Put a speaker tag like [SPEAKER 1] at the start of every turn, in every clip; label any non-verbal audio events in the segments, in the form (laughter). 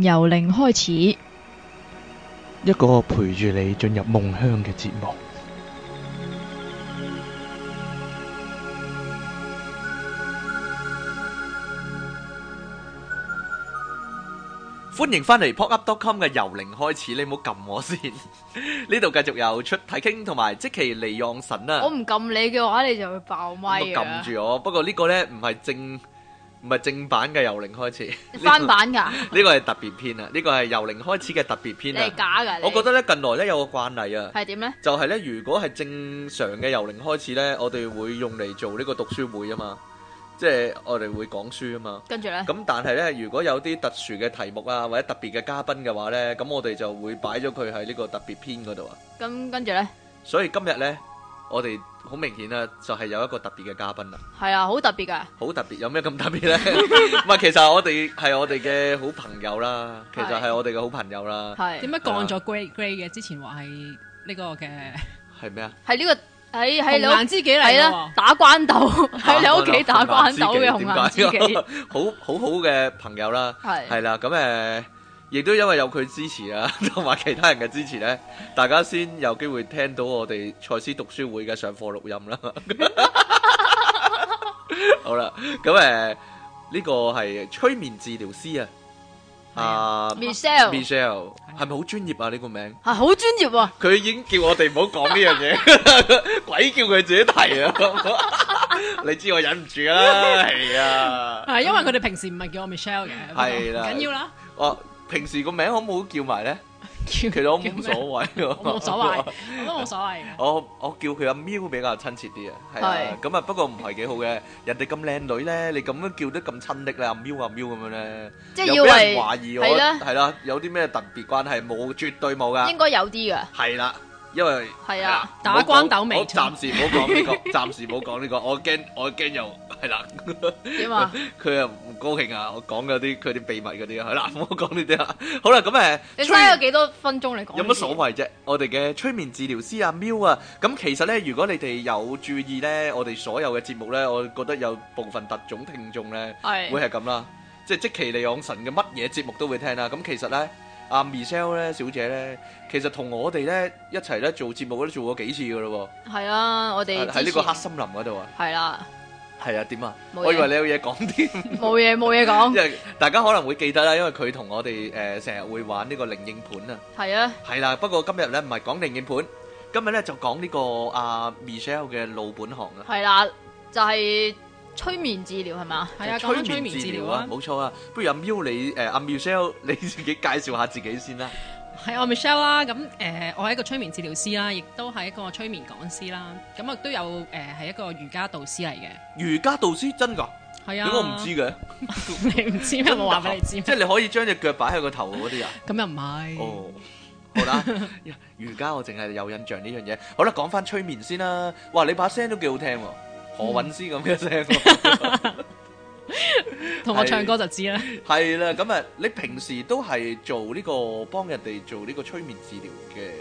[SPEAKER 1] 由零開始，
[SPEAKER 2] 一個陪住你進入夢鄉嘅節目。歡迎翻嚟《pop up dot com》嘅由零開始，你唔好撳我先。呢度繼續有出睇傾同埋即期利用神啦。我
[SPEAKER 1] 唔撳你嘅話，你就會爆咪。撳住
[SPEAKER 2] 我，不過呢個咧唔係正。唔係正版嘅由零開始，翻版噶？呢個係特別篇啊！呢個係由零開始嘅特別篇啊！你係
[SPEAKER 1] 假噶？我覺得
[SPEAKER 2] 咧，近來咧有個慣例啊。係點咧？就係咧，如果係正常嘅由零開始咧，我哋會用嚟做呢個讀書會啊嘛，即係我哋會講書啊嘛。跟住咧，咁但係咧，如果有啲特殊嘅題目啊，或者特別嘅嘉賓嘅話咧，咁我哋就會擺咗佢喺呢個特別篇嗰度啊。
[SPEAKER 1] 咁跟住咧，
[SPEAKER 2] 所以今日咧。我哋好明顯啦，就係有一個特別嘅嘉賓啦。
[SPEAKER 1] 係啊，
[SPEAKER 3] 好特別嘅。
[SPEAKER 2] 好特別，有咩咁特別咧？唔係，其實我哋係我哋嘅好朋友啦。其實係我哋嘅好朋友啦。係
[SPEAKER 3] 點解降咗 Grey Grey 嘅？之前話係呢個嘅係咩啊？係呢個
[SPEAKER 1] 喺喺紅顏知己嚟啦，打關鬥，喺你屋企打關鬥嘅紅顏知己，
[SPEAKER 2] 好好好嘅朋友啦。係係啦，咁誒。亦都因為有佢支持啊，同埋其他人嘅支持咧，大家先有機會聽到我哋蔡司讀書會嘅上課錄音啦。好啦，咁誒，呢個係催眠治療師啊，阿 Michelle，Michelle 係咪好專業啊？呢個名
[SPEAKER 1] 啊，好專業。
[SPEAKER 2] 佢已經叫我哋唔好講呢樣嘢，鬼叫佢自己提啊！你知我忍唔住啊，係啊，係
[SPEAKER 3] 因為佢哋平時唔係叫我 Michelle 嘅，係啦，緊要啦，
[SPEAKER 2] 我。平時個名可唔可以叫埋咧？其實我冇所謂，冇所謂，我都
[SPEAKER 3] 冇所謂。我
[SPEAKER 2] 我叫佢阿喵比較親切啲啊，係咁啊。不過唔係幾好嘅，人哋咁靚女咧，你咁樣叫得咁親昵咧，阿喵阿喵咁樣咧，又俾人懷疑我係啦，有啲咩特別關係？冇，絕對冇噶。應該有啲噶。係啦，因為
[SPEAKER 1] 係啊，打光斗明，
[SPEAKER 2] 暫時唔好講呢個，暫時唔好講呢個，我驚我驚又。係啦，點啊？佢又唔高興啊！我講嘅啲佢啲秘密嗰啲啊，係啦，我講呢啲啦。好啦，咁誒，你
[SPEAKER 1] 嘥咗幾多分鐘？你講有乜所
[SPEAKER 2] 謂啫？我哋嘅催眠治療師阿 Miu 啊，咁其實咧，如果你哋有注意咧，我哋所有嘅節目咧，我覺得有部分特種聽眾咧，係會係咁啦，即係即其利用神嘅乜嘢節目都會聽啦。咁其實咧，阿 Michelle 咧小姐咧，其實同我哋咧一齊咧做節目都做過幾次噶咯。
[SPEAKER 1] 係啊，我哋喺呢個黑
[SPEAKER 2] 森林嗰度啊。係啦。係啊，點啊？我以為你有嘢講添，
[SPEAKER 1] 冇嘢冇嘢講。因為
[SPEAKER 2] 大家可能會記得啦，因為佢同我哋誒成日會玩呢個靈應盤啊。係啊，係啦。不過今日咧唔係講靈應盤，今日咧就講呢個阿 Michelle 嘅老本行啊。係
[SPEAKER 1] 啦，就係
[SPEAKER 3] 催眠治療，係嘛？係啊，催眠治療啊，冇
[SPEAKER 2] 錯啊。不如阿 Michelle，你誒，阿 Michelle，你自己介紹下自己先啦。
[SPEAKER 3] 係我 Michelle 啦，咁誒，我係、呃、一個催眠治療師啦，亦都係一個催眠講師啦，咁啊都有誒，係、呃、一個瑜伽導師嚟嘅。
[SPEAKER 2] 瑜伽導師真㗎？係啊，點
[SPEAKER 3] 解我唔知嘅？ (laughs) 你唔
[SPEAKER 2] 知咩？ (laughs) 的 (laughs) 我話俾你知，即係你可以將隻腳擺喺個頭嗰啲啊？
[SPEAKER 3] 咁 (laughs) 又唔係？哦 (laughs)
[SPEAKER 2] ，oh, 好啦，瑜伽我淨係有印象呢樣嘢。好啦，講翻催眠先啦。哇，你把聲都幾好聽，何韻詩咁嘅聲。 (laughs) (laughs) 同 (laughs) 我唱歌就知啦，係啦， (laughs) 咁啊，你平時都係做呢、這個幫人哋做呢個催眠治療嘅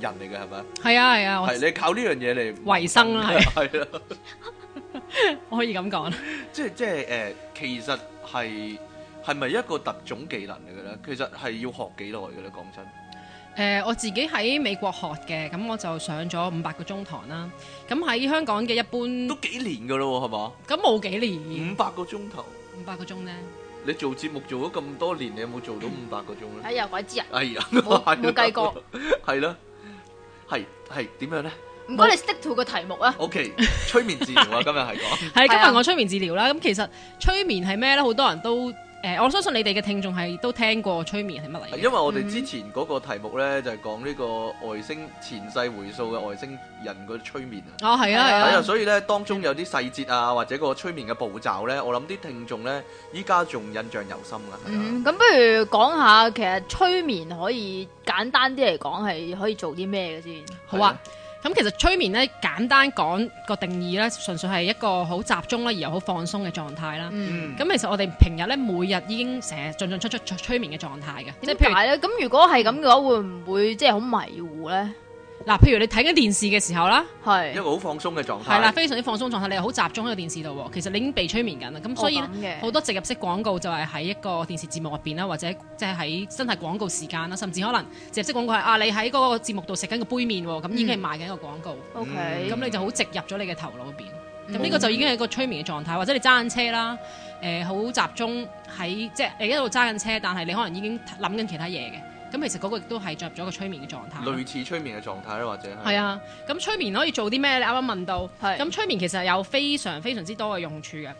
[SPEAKER 2] 人嚟嘅係咪？係啊，
[SPEAKER 3] 係啊，係你
[SPEAKER 2] 靠呢樣嘢嚟維生啦，係咯，
[SPEAKER 3] 我可以咁講。
[SPEAKER 2] 即係即係誒，其實係係咪一個特種技能嚟嘅咧？其實係要學幾耐嘅咧？講真。
[SPEAKER 3] 誒、呃，我自己喺美國學嘅，咁我就上咗五百個鐘堂啦。咁喺香港嘅一般都幾
[SPEAKER 2] 年噶咯，係嘛？咁冇幾年五百個鐘頭，
[SPEAKER 3] 五百個鐘咧。
[SPEAKER 2] 你做節目做咗咁多年，你有冇做到五百個鐘咧？哎呀，鬼知啊，哎呀，冇冇計過，係咯， (laughs) (laughs) (laughs) (laughs) 係係點樣咧？唔該，你 stick
[SPEAKER 3] to s t i c k to 個題目啊。
[SPEAKER 2] O K，催眠治療啊， (laughs) 今日係講。
[SPEAKER 3] 係 (laughs) 今日我催眠治療啦、啊。咁其實催眠係咩咧？好多人都。誒、欸，我相信你哋嘅聽眾係都聽過催眠係乜嚟嘅？因為我哋之
[SPEAKER 2] 前嗰個題目呢，嗯、就係講呢個外星前世回數嘅外星人嘅催眠、哦、啊！哦，係啊，係啊，啊，所以呢，當中有啲細節啊，或者個催眠嘅步驟呢，我諗啲聽眾呢，依家仲印象猶深啦。
[SPEAKER 1] 咁、啊嗯、不如講下，其實催眠可以簡單啲嚟講，係可以做啲咩嘅先？啊好啊。
[SPEAKER 3] 咁其實催眠咧簡單講個定義咧，純粹係一個好集中咧，而又好放鬆嘅狀態啦。咁、嗯、其實我哋平日咧每日已經成日進進出出，出催眠嘅狀
[SPEAKER 2] 態嘅。
[SPEAKER 1] 點解咧？譬如
[SPEAKER 3] 係咧，咁如，如果係咁嘅話，嗯、會唔會即係好迷糊咧？嗱，譬如你睇緊電視嘅時候啦，一個好
[SPEAKER 2] 放鬆嘅狀態，係啦，非
[SPEAKER 3] 常之放鬆狀態，你又好集中喺個電視度喎，其實你已經被催眠緊啦，咁所以呢好多植入式廣告就係喺一個電視節目入邊啦，或者即係喺真係廣告時間啦，甚至可能植入式廣告係啊，你喺嗰個節目度食緊個杯麵，咁已經係賣緊一個廣告。OK，咁你就好植入咗你嘅頭腦入邊，咁呢、嗯、個就已經係一個催眠嘅狀態，或者你揸緊車啦，誒、呃、好集中喺即係誒一度揸緊車，但係你可能已經諗緊其他嘢嘅。咁其實嗰個亦都係進入咗個催眠嘅狀態，類
[SPEAKER 2] 似催眠嘅狀態啦，或者係。
[SPEAKER 3] 啊，咁催眠可以做啲咩？你啱啱問到，咁是催眠其實有非常非常之多嘅用處嘅。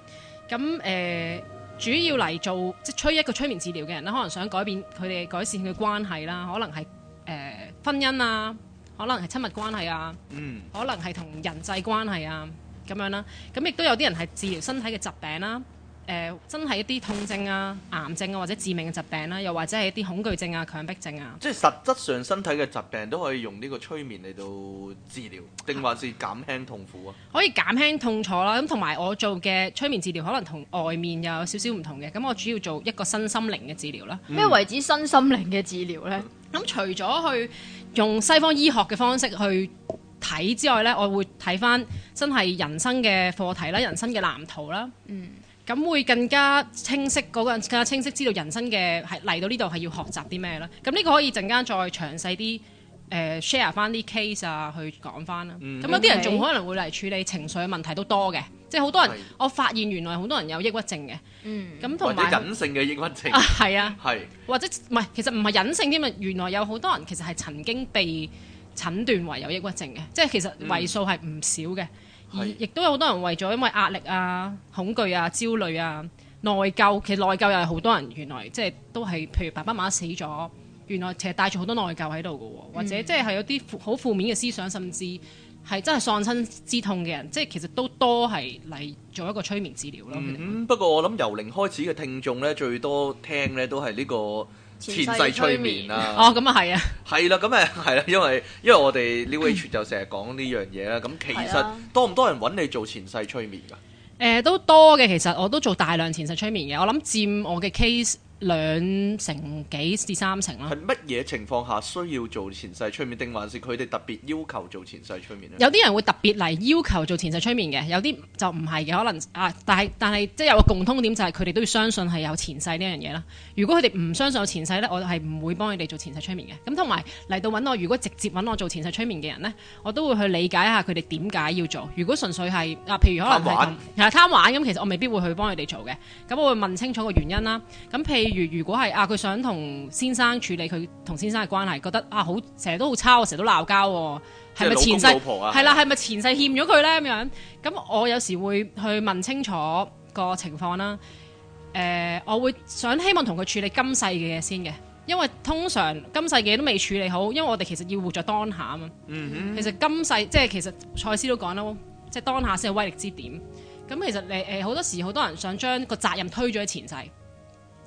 [SPEAKER 3] 咁誒、呃，主要嚟做即係催一個催眠治療嘅人咧，可能想改變佢哋改善嘅關係啦，可能係誒、呃、婚姻啊，可能係親密關係啊，嗯，可能係同人際關係啊咁樣啦、啊。咁亦都有啲人係治療身體嘅疾病啦、啊。誒、呃，真係一啲痛症啊、癌症啊，或者致命嘅疾病啦、啊，又或者係一啲恐懼症啊、強迫症啊。
[SPEAKER 2] 即係實質上身體嘅疾病都可以用呢個催眠嚟到治療，定話係減輕痛苦啊，
[SPEAKER 3] 啊，可以減輕痛楚啦。咁同埋我做嘅催眠治療，可能同外面又有少少唔同嘅。咁我主要做一個身心靈嘅治療啦。咩、嗯、為止身心靈嘅治療呢？咁、嗯、除咗去用西方醫學嘅方式去睇之外呢，我會睇返真係人生嘅課題啦，人生嘅藍圖啦。嗯。咁會更加清晰，嗰個人更加清晰知道人生嘅係嚟到呢度係要學習啲咩啦。咁呢個可以陣間再詳細啲誒 share 翻啲 case 啊，去講翻啦。咁、嗯、有啲人仲可能會嚟處理情緒嘅問題都多嘅，即係好多人是我發現原來好多人有抑鬱症嘅。咁同埋或者隱
[SPEAKER 2] 性嘅抑鬱症啊，啊，係
[SPEAKER 3] 或者唔係其實唔係隱性添嘛。原來有好多人其實係曾經被診斷為有抑鬱症嘅，即係其實為數係唔少嘅。嗯。亦都有好多人為咗因為壓力啊、恐懼啊、焦慮啊、內疚，其實內疚又係好多人原來即係都係譬如爸爸媽媽死咗，原來其實帶住好多內疚喺度嘅，或者即係有啲好負面嘅思想，甚至係真係喪親之痛嘅人，即係其實都多係嚟做一個催眠治
[SPEAKER 2] 療咯。嗯，不過我諗由零開始嘅聽眾咧，最多聽咧都係呢個。前世催眠啦，哦咁啊係啊，係啦咁誒係啦，因為、啊、 (laughs) (laughs) 因為我哋 New Age 就成日講呢樣嘢啦，咁 (laughs) 其實 (laughs) (laughs) 是、啊、多唔多人搵你做前世催眠噶？
[SPEAKER 3] 誒、呃，都多嘅，其實我都做大量前世催眠嘅，我諗佔我嘅 case。兩成幾至三成啦。係乜
[SPEAKER 2] 嘢情況下需要做前世催眠？定還是佢哋特別要求做前世催眠呢？有啲人
[SPEAKER 3] 會特別嚟要求做前世催眠嘅，有啲就唔係嘅，可能啊，但係但係即係有個共通點就係佢哋都要相信係有前世呢樣嘢啦。如果佢哋唔相信有前世呢，我係唔會幫佢哋做前世催眠嘅。咁同埋嚟到搵我，如果直接搵我做前世催眠嘅人呢，我都會去理解一下佢哋點解要做。如果純粹係、啊、譬如可能貪玩，係貪玩咁，其實我未必會去幫佢哋做嘅。咁我會問清楚個原因啦。咁譬例如如果係啊，佢想同先生處理佢同先生嘅關係，覺得啊好成日都好差，成日都鬧交，啊，係咪前世係啦？係咪前世欠咗佢咧？咁樣咁，是是我有時會去問清楚個情況啦。誒、呃，我會想希望同佢處理今世嘅嘢先嘅，因為通常今世嘅嘢都未處理好，因為我哋其實要活在當下啊嘛。嗯、哼其實今世即係其實賽斯都講啦，即係當下先係威力之點。咁其實誒誒，好、呃、好多時好多人想將個責任推咗喺前世。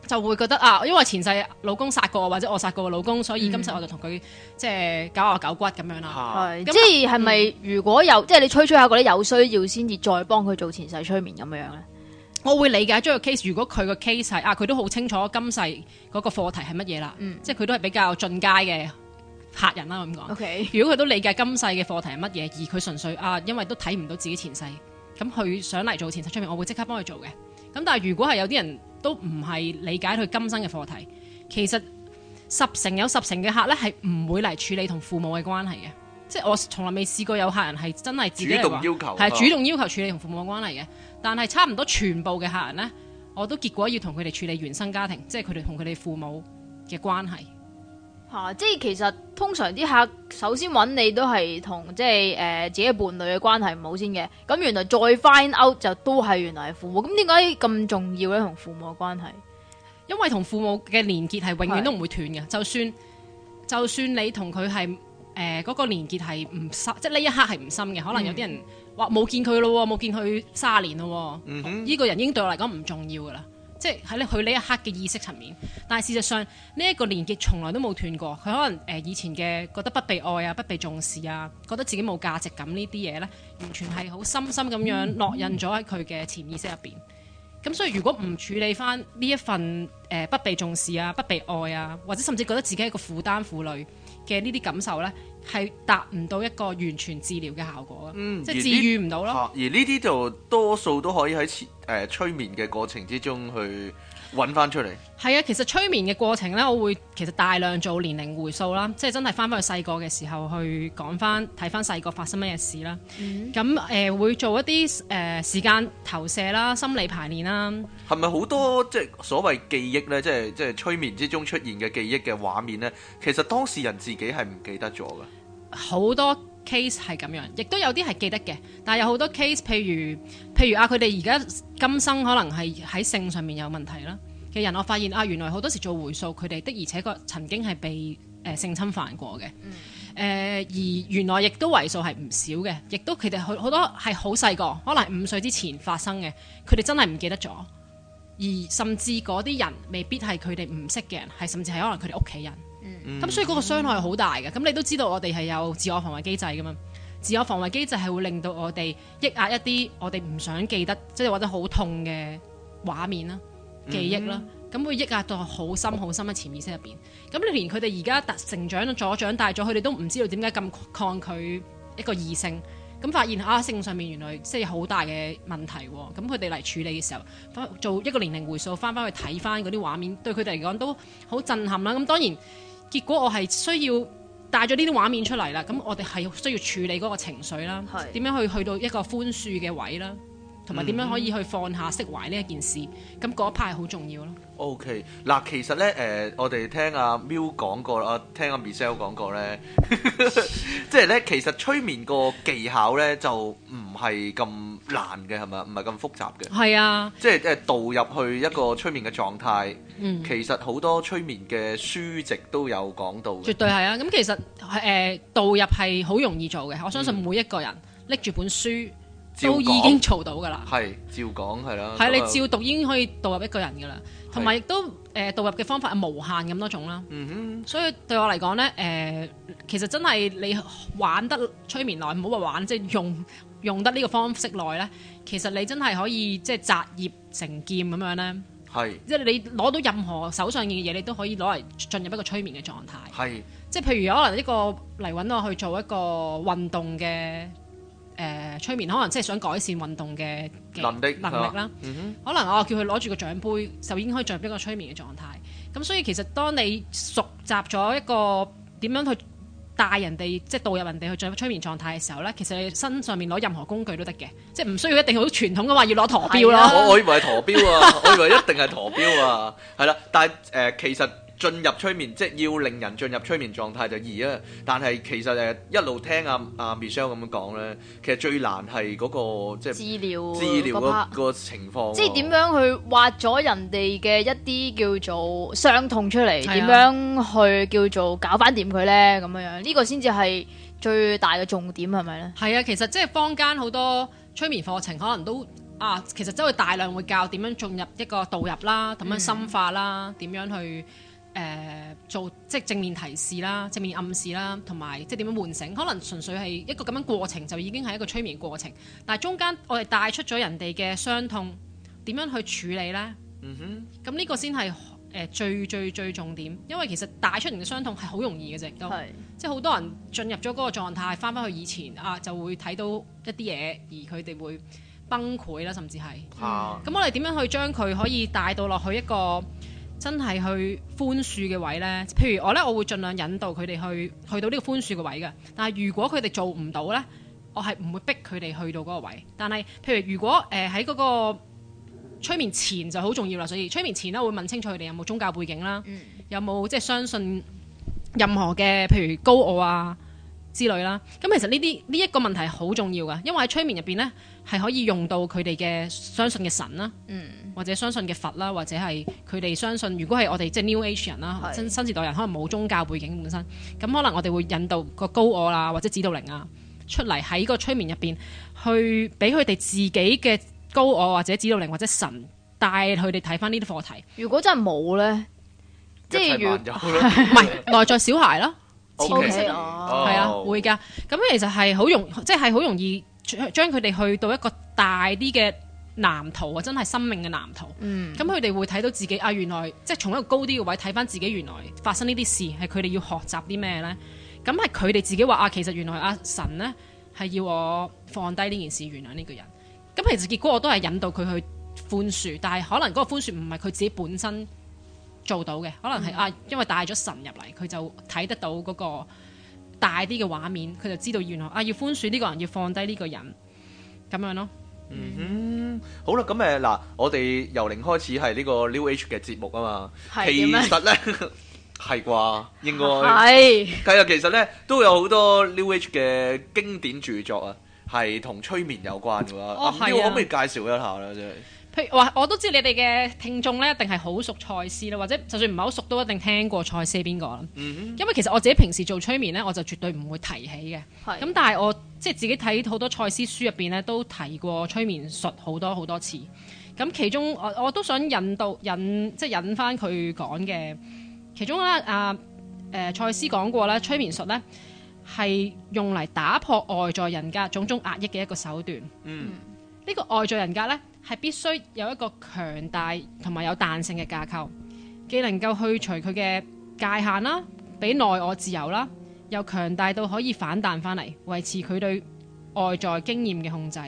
[SPEAKER 3] 就會覺得啊，因為前世老公殺過我，或者我殺過個老公，所以今世我就同佢、嗯、即係搞下狗骨咁樣啦。係、啊，那即係咪
[SPEAKER 1] 如果有、嗯、即係你吹吹下覺得有需要先至再幫佢做前世催眠咁樣咧？
[SPEAKER 3] 我會理解，即係個 case，如果佢個 case 係啊，佢都好清楚今世嗰個課題係乜嘢啦。嗯、即係佢都係比較進階嘅客人啦。咁講 Okay. 如果佢都理解今世嘅課題係乜嘢，而佢純粹啊，因為都睇唔到自己前世，咁佢想嚟做前世催眠，我會即刻幫佢做嘅。咁但係如果係有啲人都唔係理解佢今生嘅課題，其實十成有十成嘅客咧係唔會嚟處理同父母嘅關係嘅，即係我從來未試過有客人係真係自己要求，係主動要求處理同父母嘅關係嘅，但係差唔多全部嘅客人咧，我都結果要同佢哋處理原生家庭，即係佢哋同佢哋父母嘅關係
[SPEAKER 1] 嚇、啊，即係其實。通常啲客首先揾你都係同即係誒自己伴侶嘅關係唔好先嘅，咁原來再 find out 就都係原來係父母。
[SPEAKER 3] 咁點解咁重要咧？同父母嘅關係？因為同父母嘅連結係永遠都唔會斷嘅是，就算就算你同佢係誒嗰個連結係唔深，即係呢一刻係唔深嘅，可能有啲人話冇、嗯、哼見佢咯，冇見佢卅年咯，呢、嗯、哼個人已經對我嚟講唔重要噶啦。即係喺咧佢呢一刻嘅意識層面，但係事實上呢一個連結從來都冇斷過。佢可能誒、呃、以前嘅覺得不被愛啊、不被重視啊、覺得自己冇價值感呢啲嘢呢，完全係好深深咁樣烙印咗喺佢嘅潛意識入邊。咁所以如果唔處理翻呢一份誒、呃、不被重視啊、不被愛啊，或者甚至覺得自己係一個負擔負累嘅呢啲感受呢，係達唔到一個完全治療嘅效果嘅，嗯、即係治癒唔
[SPEAKER 2] 到咯。而呢啲就多數都可以喺誒、呃、催眠嘅過程之中去。揾翻出嚟，
[SPEAKER 3] 係啊！其實催眠嘅過程咧，我會其實大量做年齡回溯啦，即係真係翻翻去細個嘅時候去講翻睇翻細個發生乜嘢事啦。咁誒、嗯呃、會做一啲誒、呃、時間投射啦、心理排練啦。
[SPEAKER 2] 係咪好多即係、就是、所謂記憶呢，即係即係催眠之中出現嘅記憶嘅畫面呢，其實當事人自己係唔記得咗噶。
[SPEAKER 3] 好多。case 係咁樣，亦都有啲係記得嘅，但係有好多 case，譬如譬如啊，佢哋而家今生可能係喺性上面有問題啦嘅人，我發現啊，原來好多時做回溯，佢哋的而且確曾經係被誒、呃、性侵犯過嘅，誒、嗯呃、而原來亦都為數係唔少嘅，亦都佢哋好好多係好細個，可能五歲之前發生嘅，佢哋真係唔記得咗，而甚至嗰啲人未必係佢哋唔識嘅人，係甚至係可能佢哋屋企人。咁、嗯、所以嗰個傷害好大嘅，咁、嗯、你都知道我哋係有自我防衛機制噶嘛？自我防衛機制係會令到我哋抑壓一啲我哋唔想記得，嗯、即係或者好痛嘅畫面啦、記憶啦，咁、嗯、會抑壓到好深、好深嘅潛意識入邊。咁你連佢哋而家成長咗、長大咗，佢哋都唔知道點解咁抗拒一個異性，咁發現啊，性上面原來即係好大嘅問題。咁佢哋嚟處理嘅時候，做一個年齡回溯，翻翻去睇翻嗰啲畫面，對佢哋嚟講都好震撼啦。咁當然。結果我係需要帶咗呢啲畫面出嚟啦，咁我哋係需要處理嗰個情緒啦，點是樣去去到一個寬恕嘅位啦。同埋點樣可以去放下釋懷呢一件事？咁嗰、嗯、一派係好重要咯。
[SPEAKER 2] O K，嗱，其實咧，誒、呃，我哋聽阿 Miu 講過啦、啊，聽阿、啊、Michelle 講過咧，即係咧，其實催眠個技巧咧就唔係咁難嘅，係咪？唔係咁複雜嘅。係啊，即係誒，導入去一個催眠嘅狀態，嗯，其實好多催眠嘅書籍都有講到。絕對係
[SPEAKER 3] 啊，咁其實誒、呃，導入係好容易做嘅，我相信每一個人拎住本書
[SPEAKER 2] 都已經嘈到噶啦，係照講係啦，係的有你照
[SPEAKER 3] 讀已經可以導入一個人噶啦，同埋亦都誒、呃、導入嘅方法係無限咁多種啦。嗯哼，所以對我嚟講咧，誒、呃，其實真係你玩得催眠耐，唔好話玩，即、就、係、是、用用得呢個方式耐咧，其實你真係可以即係摘葉成劍咁樣咧。
[SPEAKER 1] 係，即
[SPEAKER 3] 係的你攞到任何手上嘅嘢，你都可以攞嚟進入一個催眠嘅狀態。係的，的即係譬如可能一個嚟搵我去做一個運動嘅。誒、呃、催眠可能即係想改善運動嘅能力能力啦，嗯、哼可能我叫佢攞住個獎杯，就已經可以進入一個催眠嘅狀態。咁所以其實當你熟習咗一個點樣去帶人哋，即、就、係、是、導入人哋去進入催眠狀態嘅時候咧，其實你身上面攞任何工具都得嘅，即係唔需要一定好傳統嘅話要攞陀錶咯、啊。我我以
[SPEAKER 2] 為係陀錶啊， (laughs) 我以為一定係陀錶啊，係啦，但係誒、呃、其實。進入催眠，即係要令人進入催眠狀態就易啊！但係其實誒一路聽阿阿 Michelle 咁樣講咧，其實最難係嗰、那個即係資料資料嗰個情況。即係點
[SPEAKER 1] 樣去挖咗人哋嘅一啲叫做傷痛出嚟？點、啊、樣去叫做搞翻掂佢咧？咁樣樣呢、這個先至係最大嘅重點係
[SPEAKER 3] 咪咧？係啊，其實即係坊間好多催眠課程可能都啊，其實真係大量會教點樣進入一個導入啦，點樣深化啦，點、嗯、樣去。誒、呃，做即係正面提示啦，正面暗示啦，同埋即係點樣喚醒？可能純粹係一個咁樣過程就已經係一個催眠過程，但係中間我哋帶出咗人哋嘅傷痛，點樣去處理咧？嗯哼，咁呢個先係誒最最最重點，因為其實帶出嚟嘅傷痛係好容易嘅啫，都是即係好多人進入咗嗰個狀態，翻翻去以前啊，就會睇到一啲嘢，而佢哋會崩潰啦，甚至係啊，咁、嗯、我哋點樣去將佢可以帶到落去一個？真係去寬恕嘅位呢？譬如我呢，我會盡量引導佢哋去去到呢個寬恕嘅位嘅。但係如果佢哋做唔到呢，我係唔會逼佢哋去到嗰個位。但係，譬如如果誒喺嗰個催眠前就好重要啦，所以催眠前呢會問清楚佢哋有冇宗教背景啦，嗯、有冇即係相信任何嘅譬如高傲啊。之類啦，咁其實呢啲呢一個問題好重要噶，因為喺催眠入邊咧係可以用到佢哋嘅相信嘅神啦，嗯、或者相信嘅佛啦，或者係佢哋相信。如果係我哋即係 New Age 啦，新新時代人可能冇宗教背景本身，咁是 可能我哋會引導個高我啦、啊，或者指導靈啊出嚟喺個催眠入邊，去俾佢哋自己嘅高我或者指導靈或者神帶佢哋睇翻呢啲課題。如果真係冇咧，即係、就是、如唔係內在小孩咯。潛意識，係啊 Okay .、oh.，會噶。咁其實係好容，即係好容易將佢哋去到一個大啲嘅藍圖啊，真係生命嘅藍圖。咁佢哋會睇到自己啊，原來即係從一個高啲嘅位睇翻自己，原來發生呢啲事係佢哋要學習啲咩呢？咁係佢哋自己話啊，其實原來阿神呢係要我放低呢件事，原諒呢個人。咁其實結果我都係引導佢去寬恕，但係可能嗰個寬恕唔係佢自己本身。做到嘅，可能係、嗯、啊，因為帶咗神入嚟，佢就睇得到嗰個大啲嘅畫面，佢就知道原來啊要寬恕呢個人，要放低呢個人，咁樣咯。嗯哼，
[SPEAKER 2] 好啦，咁誒嗱，我哋由零開始係呢個 New Age 嘅節目啊嘛，其實咧係啩，應該係。係啊 (laughs) (laughs) 是其實咧都有好多 New Age 嘅經典著作啊，係同催眠有關噶。我可唔可以介紹一下咧？即係。
[SPEAKER 3] 我我都知你哋嘅聽眾咧，一定係好熟賽斯啦，或者就算唔係好熟都一定聽過賽斯邊個啦。Mm hmm. 因為其實我自己平時做催眠咧，我就絕對唔會提起嘅。咁、mm hmm. 嗯，但係我即係自己睇好多賽斯書入邊咧，都提過催眠術好多好多次。咁其中我我都想引導引即係引翻佢講嘅其中咧，啊誒賽斯講過咧，催眠術咧係用嚟打破外在人格種種壓抑嘅一個手段。嗯、mm，呢、hmm. 個外在人格咧。係必須有一個強大同埋有彈性嘅架構，既能夠去除佢嘅界限啦，俾內我自由啦，又強大到可以反彈翻嚟維持佢對外在經驗嘅控制。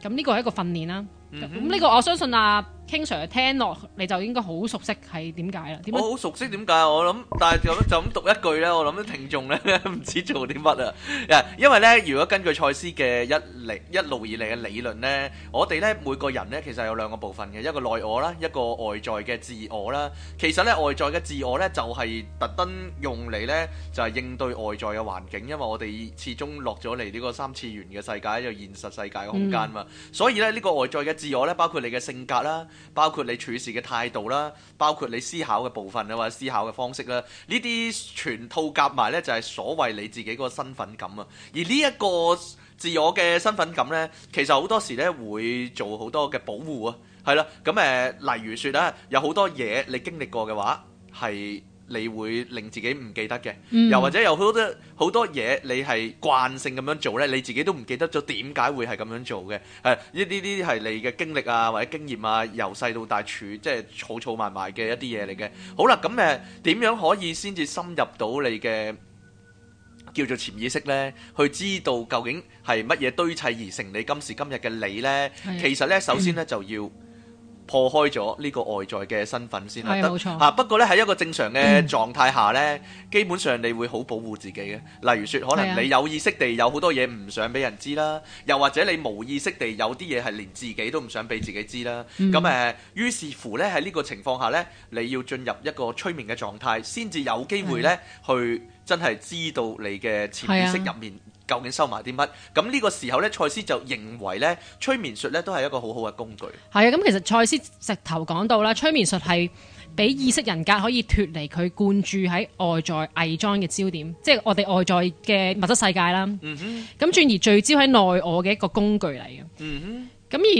[SPEAKER 3] 咁呢個係一個訓練啦。咁呢、mm hmm. 個我相信啊。經常聽落你就應該好熟悉係點解啦？我好
[SPEAKER 2] 熟悉點解？我諗，但係就咁讀一句咧，我諗啲聽眾咧唔知做啲乜啊！因為咧，如果根據賽斯嘅一歷一路以嚟嘅理論咧，我哋咧每個人咧其實有兩個部分嘅，一個內我啦，一個外在嘅自我啦。其實咧外在嘅自我咧就係特登用嚟咧就係應對外在嘅環境，因為我哋始終落咗嚟呢個三次元嘅世界，就現實世界嘅空間嘛。所以咧呢個外在嘅自我咧，包括你嘅性格啦。包括你處事嘅態度啦，包括你思考嘅部分啊，或者思考嘅方式啦，呢啲全套夾埋呢，就係所謂你自己個身份感啊。而呢一個自我嘅身份感呢，其實好多時呢會做好多嘅保護啊。係啦，咁、嗯、誒，例如説啊，有好多嘢你經歷過嘅話係。你會令自己唔記得嘅，嗯、又或者有好多好多嘢你係慣性咁樣做呢，你自己都唔記得咗點解會係咁樣做嘅。誒、啊，呢啲啲係你嘅經歷啊，或者經驗啊，由細到大儲，即係儲儲埋埋嘅一啲嘢嚟嘅。好啦，咁誒點樣可以先至深入到你嘅叫做潛意識呢？去知道究竟係乜嘢堆砌而成你今時今日嘅你呢？的其實呢，首先呢，嗯、就要。破開咗呢個外在嘅身份先啦，嚇、啊、不過呢，喺一個正常嘅狀態下呢、嗯、基本上你會好保護自己嘅。例如説，可能你有意識地有好多嘢唔想俾人知啦，又或者你無意識地有啲嘢係連自己都唔想俾自己知啦。咁誒、嗯，於、呃、是乎呢，喺呢個情況下呢，你要進入一個催眠嘅狀態，先至有機會呢、嗯、去真係知道你嘅潛意識入面。嗯究竟收埋啲乜？咁呢個時候呢，賽斯就認為呢催眠術呢都係一個好好嘅工具。
[SPEAKER 3] 係啊，咁其實賽斯直頭講到啦，催眠術係俾意識人格可以脫離佢灌注喺外在偽裝嘅焦點，即係我哋外在嘅物質世界啦。咁轉、嗯、哼而聚焦喺內我嘅一個工具嚟嘅。咁、嗯、哼而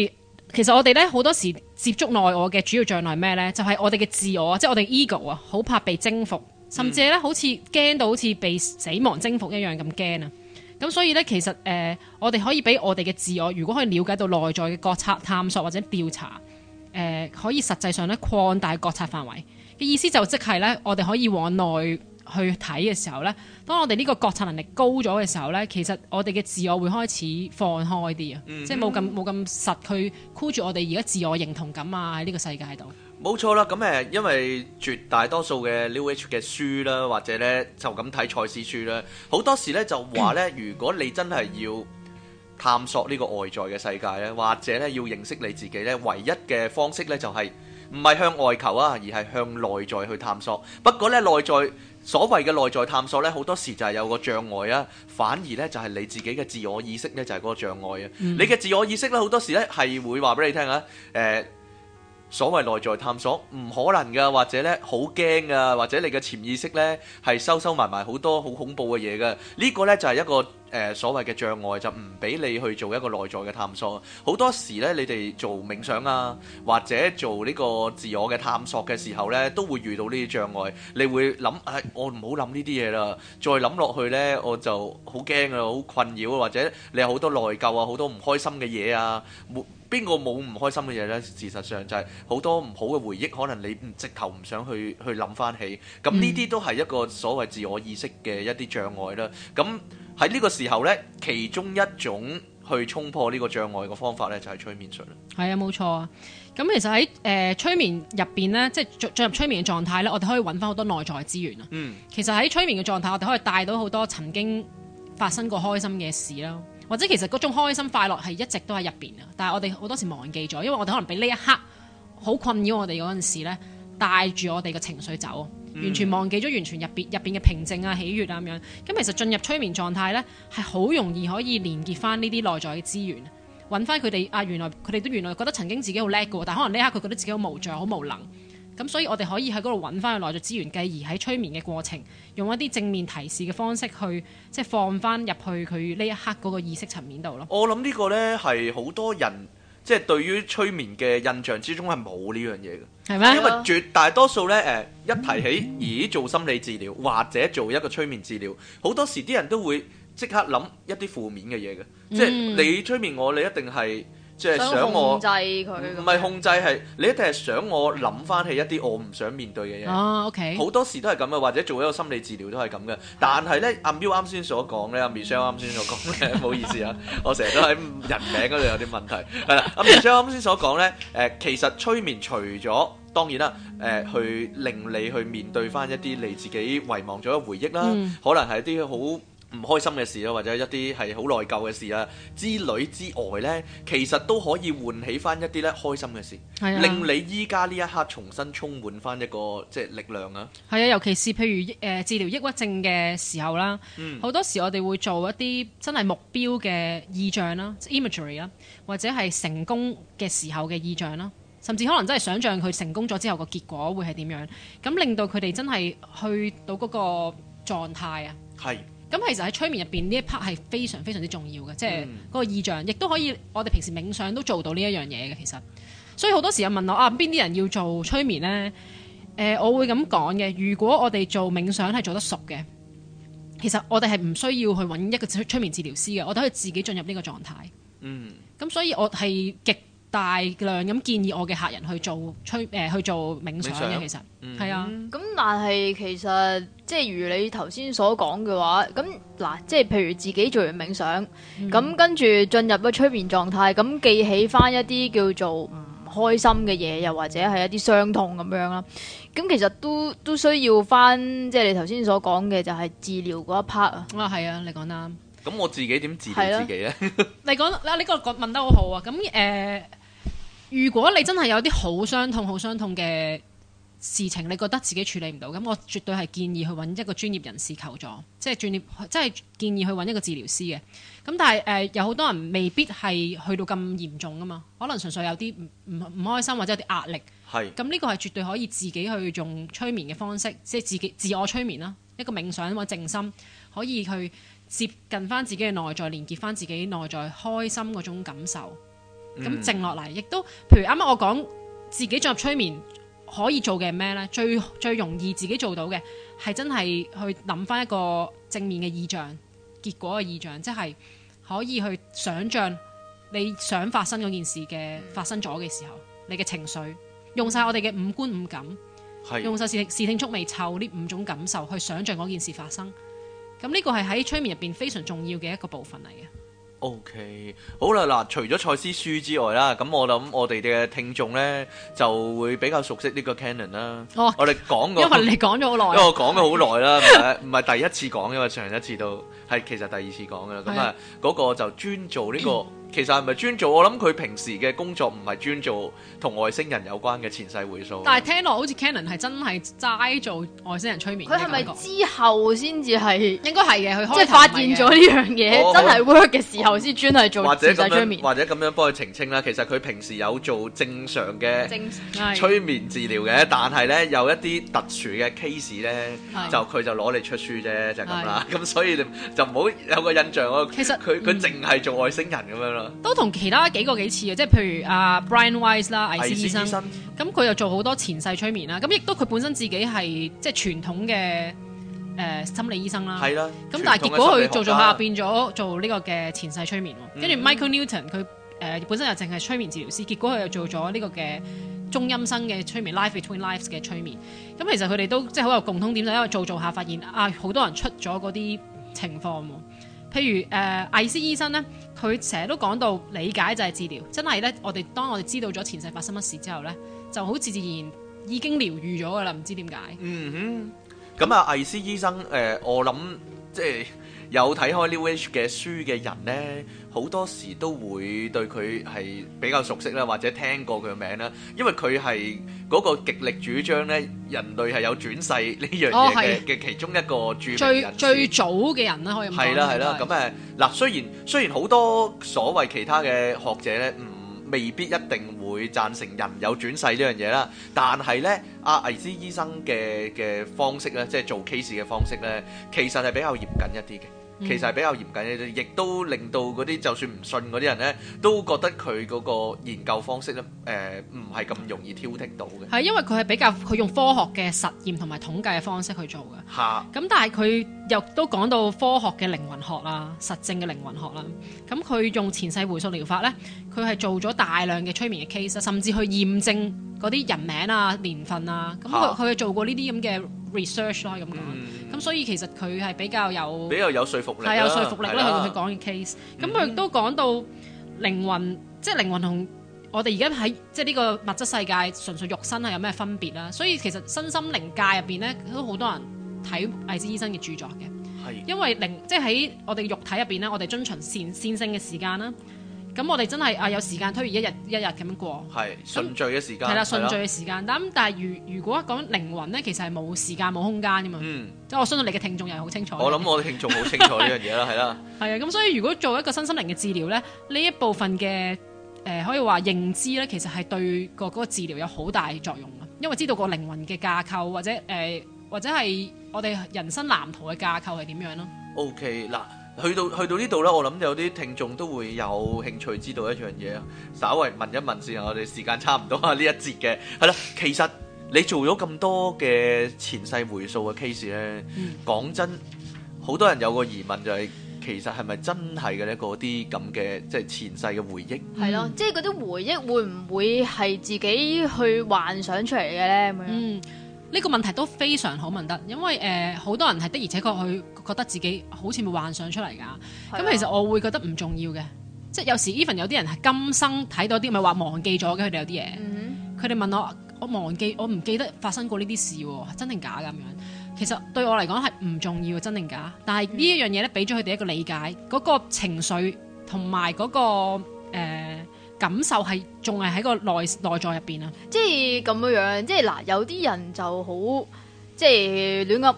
[SPEAKER 3] 其實我哋呢好多時接觸內我嘅主要障礙咩呢？就係、是、我哋嘅自我，即係我哋 ego 啊，好怕被征服，甚至呢好似驚到好似被死亡征服一樣咁驚啊！咁所以咧，其實誒、呃，我哋可以俾我哋嘅自我，如果可以了解到內在嘅覺察探索或者調查，誒、呃，可以實際上咧擴大覺察範圍嘅意思就即係咧，我哋可以往內去睇嘅時候咧，當我哋呢個覺察能力高咗嘅時候咧，其實我哋嘅自我會開始放開啲啊，嗯、哼即係冇咁冇咁實，去箍住我哋而家自我認同感啊喺呢個世界度。
[SPEAKER 2] 冇錯啦，咁誒，因為絕大多數嘅 New Age 嘅書啦，或者呢就咁睇賽斯書啦，好多時呢就話呢，如果你真係要探索呢個外在嘅世界呢，或者呢要認識你自己呢唯一嘅方式呢，就係唔係向外求啊，而係向內在去探索。不過呢，內在所謂嘅內在探索呢，好多時就係有個障礙啊，反而呢就係、是、你自己嘅自我意識呢，就係、是、嗰個障礙啊。嗯、你嘅自我意識呢，好多時呢係會話俾你聽啊，誒、呃。所謂內在探索唔可能㗎，或者咧好驚㗎，或者你嘅潛意識咧係收收埋埋好多好恐怖嘅嘢嘅，這個、呢個咧就係、是、一個。誒、呃、所謂嘅障礙就唔俾你去做一個內在嘅探索。好多時呢，你哋做冥想啊，或者做呢個自我嘅探索嘅時候呢，都會遇到呢啲障礙。你會諗，誒、哎，我唔好諗呢啲嘢啦。再諗落去呢，我就好驚啊，好困擾啊，或者你有好多內疚啊，好多唔開心嘅嘢啊。冇邊個冇唔開心嘅嘢呢？事實上就係好多唔好嘅回憶，可能你直頭唔想去去諗翻起。咁呢啲都係一個所謂自我意識嘅一啲障礙啦。咁。喺呢個時候呢，其中一種去衝破呢個障礙嘅方法呢，就係、是、催眠術啦。
[SPEAKER 3] 係啊，冇錯啊。咁其實喺誒、呃、催眠入邊呢，即係進入催眠嘅狀態呢，我哋可以揾翻好多內在資源啊。嗯、其實喺催眠嘅狀態，我哋可以帶到好多曾經發生過開心嘅事啦，或者其實嗰種開心快樂係一直都喺入邊啊。但係我哋好多時忘記咗，因為我哋可能俾呢一刻好困擾我哋嗰陣時呢，帶住我哋嘅情緒走。完全忘記咗，完全入邊入邊嘅平靜啊、喜悅啊咁樣。咁其實進入催眠狀態呢，係好容易可以連結翻呢啲內在嘅資源，揾翻佢哋啊。原來佢哋都原來覺得曾經自己好叻嘅，但可能呢一刻佢覺得自己好無助、好無能。咁所以我哋可以喺嗰度揾翻佢內在資源，繼而喺催眠嘅過程，用一啲正面提示嘅方式去即係放翻入去佢呢一刻嗰個意識層面度咯。
[SPEAKER 2] 我諗呢個呢係好多人。即係對於催眠嘅印象之中係冇呢樣嘢嘅，係咩？因為絕大多數咧誒一提起，嗯、咦做心理治療或者做一個催眠治療，好多時啲人都會即刻諗一啲負面嘅嘢嘅，即係你催眠我，你一定係。即係想我，想控制佢，唔係控制係，你一定係想我諗翻起一啲我唔想面對嘅嘢。好、啊 okay、多時都係咁嘅，或者做一個心理治療都係咁嘅。的但係呢，阿標啱先所講呢，阿 m i 啱先所講咧，唔 (laughs) 好意思啊，我成日都喺人名嗰度有啲問題。係啦，阿 m i 啱先所講呢，誒、呃，其實催眠除咗當然啦，誒、呃，去令你去面對翻一啲你自己遺忘咗嘅回憶啦，嗯、可能係啲好。唔開心嘅事啦，或者一啲係好內疚嘅事啊之類之外呢，其實都可以喚起翻一啲咧開心嘅事，的令你依家呢一刻重新充滿翻一個即係力量啊。
[SPEAKER 3] 係啊，尤其是譬如誒、呃、治療抑鬱症嘅時候啦，好、嗯、多時我哋會做一啲真係目標嘅意象啦，即係 imagery 啦，或者係成功嘅時候嘅意象啦，甚至可能真係想象佢成功咗之後個結果會係點樣，咁令到佢哋真係去到嗰個狀態啊。係。咁其實喺催眠入邊呢一 part 係非常非常之重要嘅，嗯、即係嗰個意象，亦都可以我哋平時冥想都做到呢一樣嘢嘅。其實，所以好多時候問我啊，邊啲人要做催眠咧？誒、呃，我會咁講嘅。如果我哋做冥想係做得熟嘅，其實我哋係唔需要去揾一個催眠治療師嘅，我都可以自己進入呢個狀態。嗯。咁、嗯、所以我係極。大量咁建議我嘅客人去做催誒、呃、去做冥想嘅，想其實係啊。咁、嗯嗯、但係其實即係
[SPEAKER 1] 如你頭先所講嘅話，咁嗱，即係譬如自己做完冥想，咁跟住進入個催眠狀態，咁記起翻一啲叫做唔開心嘅嘢，又或者係一啲傷痛咁樣啦。咁其實都都需要翻，即係你頭先所講嘅，就係治療嗰一 part 啊。係啊，你講得啱。
[SPEAKER 2] 咁我自己點治療自
[SPEAKER 3] 己咧、啊？ (laughs) 你講嗱，呢個問得好好啊。咁誒。如果你真係有啲好傷痛、好傷痛嘅事情，你覺得自己處理唔到，咁我絕對係建議去揾一個專業人士求助，即係建議去揾一個治療師嘅。咁但係，呃，有好多人未必係去到咁嚴重㗎嘛，可能純粹有啲唔唔開心或者有啲壓力。係是。咁呢個係絕對可以自己去用催眠嘅方式，即係自己自我催眠啦，一個冥想或者靜心，可以去接近返自己嘅內在，連結返自己內在開心嗰種感受。咁靜落嚟，亦都，譬如啱啱我講自己進入催眠可以做嘅咩呢？最最容易自己做到嘅係真係去諗翻一個正面嘅意象，結果嘅意象，即係可以去想象你想發生嗰件事嘅發生咗嘅時候，你嘅情緒用晒我哋嘅五官五感，
[SPEAKER 2] 是用晒
[SPEAKER 3] 視聽觸味嗅呢五種感受去想象嗰件事發生。咁呢個係喺催眠入邊非常重要嘅一個部分嚟嘅。
[SPEAKER 2] O、okay, K，好啦，嗱，除咗賽斯書之外啦，咁我諗我哋嘅聽眾呢就會比較熟悉呢個 Canon 啦。哦、我哋講過，因為你
[SPEAKER 1] 講咗好耐，因為我
[SPEAKER 2] 講咗好耐啦，唔係 (laughs) 第一次講嘅嘛，上一次到係其實第二次講嘅啦。咁啊，嗰個就專做呢、呢個。嗯其實係咪專做？我諗佢平時嘅工作唔係專做同外星人有關嘅前世回溯。但係
[SPEAKER 3] 聽落好似 Cannon 係真係齋做外星人催眠。佢係咪之後先至係應該係嘅？佢即係發現咗呢樣嘢，真係 work 嘅時候先專
[SPEAKER 1] 係做前世催眠。
[SPEAKER 2] 或者咁樣幫佢澄清啦。其實佢平時有做正常嘅催眠治療嘅，但係咧有一啲特殊嘅 case 咧，就佢就攞嚟出書啫，就係咁啦。咁所以你就唔好有個印象咯。其實佢佢淨係做外星人咁樣咯。
[SPEAKER 3] 都同其他幾個幾次嘅，即係譬如阿 Brian Weiss 啦，艾斯醫生咁，佢生又做好多前世催眠啦。咁亦都佢本身自己係即係傳統嘅誒、呃、心理醫生啦，係
[SPEAKER 2] 啦了。咁但係結果佢做做下變
[SPEAKER 3] 咗做呢個嘅前世催眠。跟住、嗯、Michael Newton 佢誒、呃、本身又淨係催眠治療師，結果佢又做咗呢個嘅中陰身嘅催眠 Life Between Lives 嘅催眠。咁其實佢哋都即係好有共通點，就因為做做下發現啊，好多人出咗嗰啲情況。譬如誒，艾、呃、斯醫生咧。佢成日都講到理解就係治療，真係咧。我哋當我哋知道咗前世發生乜事之後咧，就好自自然已經療愈咗噶啦，唔知點解。
[SPEAKER 2] 嗯哼，咁啊，艾斯醫生誒、呃，我諗即係。有睇開 New Age 嘅書嘅人呢，好多時都會對佢係比較熟悉啦，或者聽過佢嘅名啦。因為佢係嗰個極力主張呢，人類係有轉世呢樣嘢嘅其中一個著名最最
[SPEAKER 3] 早嘅人啦、啊，可以咁講係啦係啦，
[SPEAKER 2] 咁誒嗱，雖然雖然好多所謂其他嘅學者呢，唔、嗯、未必一定會贊成人有轉世呢樣嘢啦，但係呢，阿倪斯醫生嘅嘅方式呢，即係做 case 嘅方式呢，其實係比較嚴謹一啲嘅。其實係比較嚴謹嘅，亦都令到嗰啲就算唔信嗰啲人咧，都覺得佢嗰個研究方式咧，誒唔係咁容易挑剔到嘅。係
[SPEAKER 3] 因為佢係比較佢用科學嘅實驗同埋統計嘅方式去做嘅。嚇是！咁但係佢又都講到科學嘅靈魂學啦、實證嘅靈魂學啦。咁佢用前世回溯療法咧，佢係做咗大量嘅催眠嘅 case，甚至去驗證嗰啲人名啊、年份啊。咁佢佢係做過呢啲咁嘅。Research 咯咁講，咁、嗯、所以其實佢係比較有比
[SPEAKER 2] 較有說服力，係有說服力咧。佢佢的講
[SPEAKER 3] 嘅 case，咁佢都講到靈魂，即、就、係、是、靈魂同我哋而家喺即係呢個物質世界純粹肉身係有咩分別啦。所以其實身心靈界入邊咧，都好多人睇魏斯醫生嘅著作嘅，的因為靈即係喺我哋肉體入邊咧，我哋遵循善善性嘅時間啦。咁我哋真係啊，有時間推移一日一日咁樣過，
[SPEAKER 2] 係順序嘅時間，係啦、嗯、順序嘅時間。
[SPEAKER 3] 的的但咁但係，如果如果講靈魂咧，其實係冇時間冇空間噶嘛。嗯，即係我相信你嘅聽眾又係好清楚。我諗我嘅聽眾好清楚呢樣嘢啦，係啦 (laughs) 的。係啊，咁所以如果做一個新心靈嘅治療咧，呢 (laughs) 一部分嘅誒、呃、可以話認知咧，其實係對個嗰個治療有好大作用啊。因為知道個靈魂嘅架構，或者誒、呃、或者係我哋人生藍圖嘅架構係點樣咯。
[SPEAKER 2] OK 嗱。去到去到呢度呢，我諗有啲聽眾都會有興趣知道一樣嘢，稍微問一問先。我哋時間差唔多啊，呢一節嘅係啦。其實你做咗咁多嘅前世回溯嘅 case 呢，講、嗯、真，好多人有個疑問就係、是，其實係咪真係嘅呢？嗰啲咁嘅即係前世嘅回憶。
[SPEAKER 1] 係咯、嗯，嗯、即係嗰啲回憶會唔會係自己去
[SPEAKER 3] 幻想出嚟嘅呢？咧？嗯。呢個問題都非常好問得，因為誒好、呃、多人係的，而且確佢覺得自己好似冇幻想出嚟㗎。咁的其實我會覺得唔重要嘅，即係有時 even 有啲人係今生睇到啲，咪話忘記咗嘅佢哋有啲嘢。佢哋、嗯、哼問我，我忘記，我唔記得發生過呢啲事喎，真定假噉樣。其實對我嚟講係唔重要，真定假？但係呢一樣嘢咧，俾咗佢哋一個理解，嗰、嗯、個情緒同埋嗰個、呃感受係仲係喺個內內在入邊啊，即係
[SPEAKER 1] 咁樣樣，即係嗱，有啲人就好，即係亂噏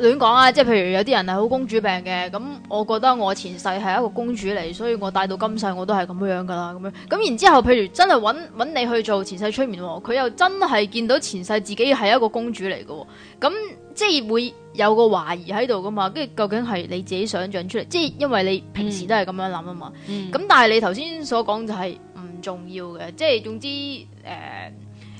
[SPEAKER 1] 亂講啊！即係譬如有啲人係好公主病嘅，咁我覺得我前世係一個公主嚟，所以我帶到今世我都係咁樣樣噶啦，咁樣咁然之後，譬如真係揾你去做前世催眠，佢又真係見到前世自己係一個公主嚟嘅，咁即係會有個懷疑喺度噶嘛？跟住究竟係你自己想象出嚟，即係因為你平時都係咁樣諗啊嘛。咁、嗯嗯、但係你頭先所講就係、是。重要嘅，即係總之，誒，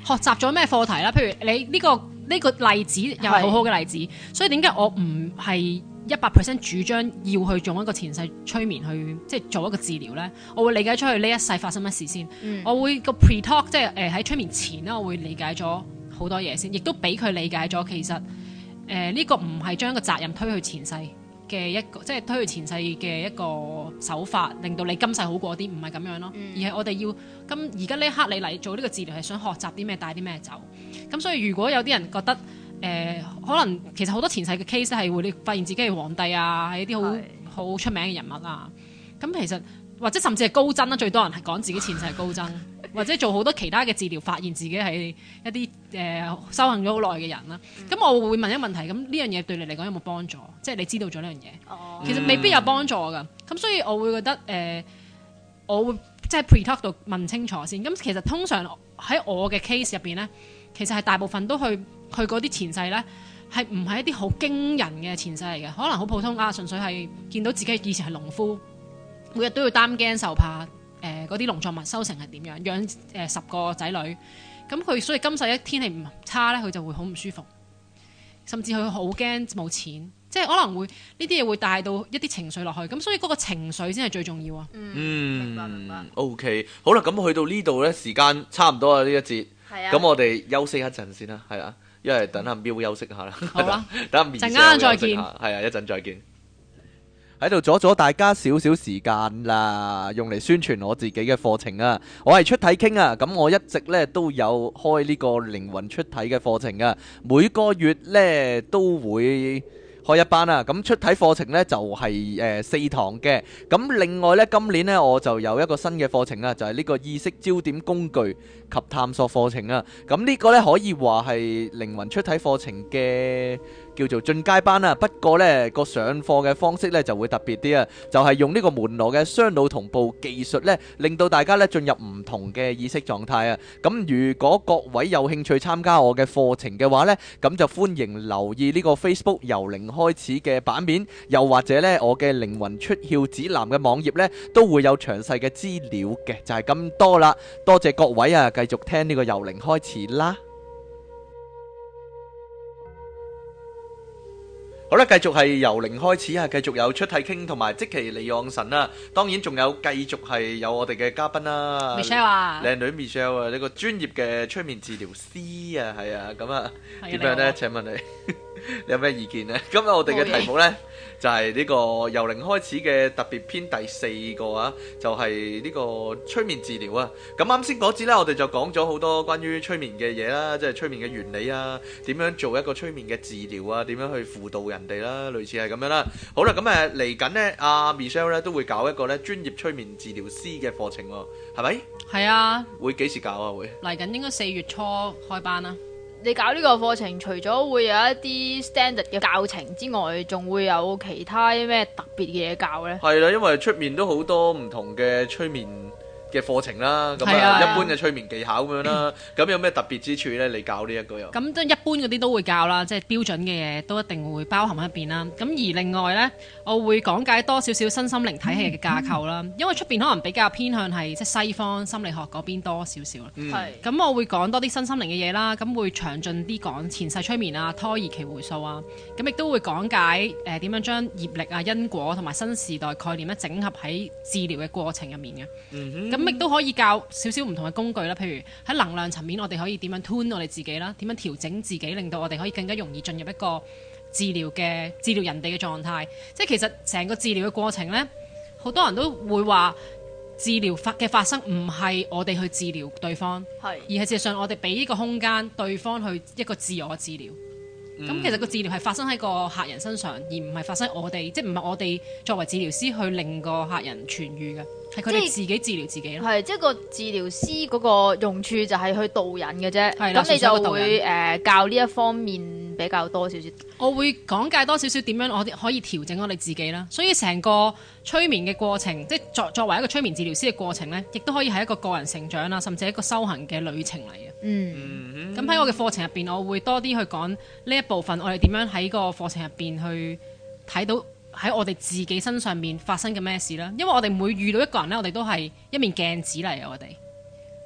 [SPEAKER 1] 學習
[SPEAKER 3] 咗咩課題啦？譬如你呢個呢個例子又係好好嘅例子，是的 所以點解我唔係一百 percent 主張要去做一個前世催眠去，即係做一個治療咧？我會理解出去呢一世發生乜事先，嗯、我會個 pre talk 即係誒喺催眠前啦，我會理解咗好多嘢先，亦都俾佢理解咗，其實誒呢，呃呢個唔係將個責任推去前世。嘅一個即係推佢前世嘅一個手法，令到你今世好過啲，唔係咁樣咯，嗯、而係我哋要咁，而家呢一刻你嚟做呢個治療係想學習啲咩，帶啲咩走。咁所以如果有啲人覺得誒、呃，可能其實好多前世嘅 case 係會你發現自己係皇帝啊，係一啲好好出名嘅人物啊，咁其實。或者甚至係高僧啦，最多人係講自己前世係高僧，或者做好多其他嘅治療，發現自己係一啲誒、呃、修行咗好耐嘅人啦。咁、嗯、我會問一個問題，咁呢樣嘢對你嚟講有冇幫助？即係你知道咗呢樣嘢，哦、其實未必有幫助噶。咁所以我會覺得誒、呃，我會即係 pre-talk 度問清楚先。咁其實通常喺我嘅 case 入邊咧，其實係大部分都去去嗰啲前世咧，係唔係一啲好驚人嘅前世嚟嘅？可能好普通啊，純粹係見到自己以前係農夫。每日都要擔驚受怕，誒嗰啲農作物收成係點樣？養誒、呃、十個仔女，咁、嗯、佢所以今世一天氣唔差咧，佢就會好唔舒服，甚至佢好驚冇錢，即係可能會呢啲嘢會帶到一啲情緒落去，咁、嗯、所以嗰個情緒先係最重要啊！嗯，
[SPEAKER 2] 明白明白。O K，好啦，咁去到呢度咧，時間差唔多啦，呢一節，咁我哋休息一陣先啦，係啊，一係等下喵休息、啊、 (laughs) 下啦，好啦，等陣陣間再見，係啊，一陣再見。喺度阻咗大家少少時間啦，用嚟宣傳我自己嘅課程啊！我係出體傾啊，咁我一直咧都有開呢個靈魂出體嘅課程啊，每個月咧都會開一班啊，咁出體課程呢就係、是、誒、呃、四堂嘅，咁另外呢，今年呢我就有一個新嘅課程啊，就係、是、呢個意識焦點工具及探索課程啊。咁呢個呢可以話係靈魂出體課程嘅。叫做進階班啊，不過呢個上課嘅方式呢就會特別啲啊，就係用呢個門羅嘅雙腦同步技術呢，令到大家呢進入唔同嘅意識狀態啊。咁如果各位有興趣參加我嘅課程嘅話呢，咁就歡迎留意呢個 Facebook 由零開始嘅版面，又或者呢我嘅靈魂出竅指南嘅網頁呢都會有詳細嘅資料嘅。就係咁多啦，多謝各位啊，繼續聽呢個由零開始啦。好啦，繼續係由零開始啊！繼續有出體傾同埋即期利用神啦、啊。當然仲有繼續係有我哋嘅嘉賓啦、啊。Michelle 靚女 Michelle 啊，呢、啊呢個專業嘅催眠治療師啊，係啊咁啊，點樣、啊、的樣呢？好請問你 (laughs) 你有咩意見呢？今日我哋嘅題目呢？沒錯 (laughs) 就係呢個由零開始嘅特別篇第四個啊，就係呢個催眠治療啊。咁啱先嗰節呢，我哋就講咗好多關於催眠嘅嘢啦，即係催眠嘅原理啊，點樣做一個催眠嘅治療啊，點樣去輔導人哋啦，類似係咁樣啦。好啦，咁誒嚟緊呢，阿 Michelle 呢都會搞一個呢專業催眠治療師嘅課程喎，係咪？係啊，啊會幾時搞啊？會
[SPEAKER 3] 嚟緊應該四月初
[SPEAKER 1] 開班啊。你搞呢個課程，除咗會有一啲 standard 嘅教程之外，仲會有其他咩特別嘅嘢教呢？
[SPEAKER 2] 係啦，因為出面都好多唔同嘅催眠嘅課程啦，咁啊一般嘅催眠技巧咁、啊、樣啦，咁有咩特別之處咧？你教呢一個又咁
[SPEAKER 3] 一般嗰啲都會教啦，即係標準嘅嘢都一定會包含喺入邊啦。咁而另外咧，我會講解多少少身心靈體系嘅架構啦，嗯嗯、因為出邊可能比較偏向係即係西方心理學嗰邊多少少啦。咁、嗯、我會講多啲身心靈嘅嘢啦，咁會詳盡啲講前世催眠啊、胎兒期回溯啊，咁亦都會講解誒點、呃、樣將業力啊、因果同埋新時代概念咧整合喺治療嘅過程入面嘅。咁、嗯嗯亦都可以教少少唔同嘅工具啦，譬如喺能量層面，我哋可以點樣 tune 我哋自己啦，點樣調整自己，令到我哋可以更加容易進入一個治療嘅治療人哋嘅狀態。即係其實成個治療嘅過程咧，好多人都會話治療發嘅發生唔係我哋去治療對方，係是而係事實上我哋俾呢個空間對方去一個自我治療。咁、嗯、其實個治療係發生喺個客人身上，而唔係發生喺我哋，即唔係我哋作為治療師去令個客人痊癒嘅，係佢哋自己治療自己咯。係
[SPEAKER 1] 即係個治療師嗰個用處就係去導引嘅啫。咁的你就會誒、呃、教呢一方面比較多少少。
[SPEAKER 3] 我會講解多少少點樣我哋可以調整我哋自己啦。所以成個催眠嘅過程，即係作作為一個催眠治療師嘅過程咧，亦都可以係一個個人成長啦，甚至一個修行嘅旅程嚟嘅。嗯，咁喺我嘅課程入邊，我會多啲去講呢一部分，我哋點樣喺個課程入邊去睇到喺我哋自己身上面發生嘅咩事啦？因為我哋每遇到一個人咧，我哋都係一面鏡子嚟嘅，我哋。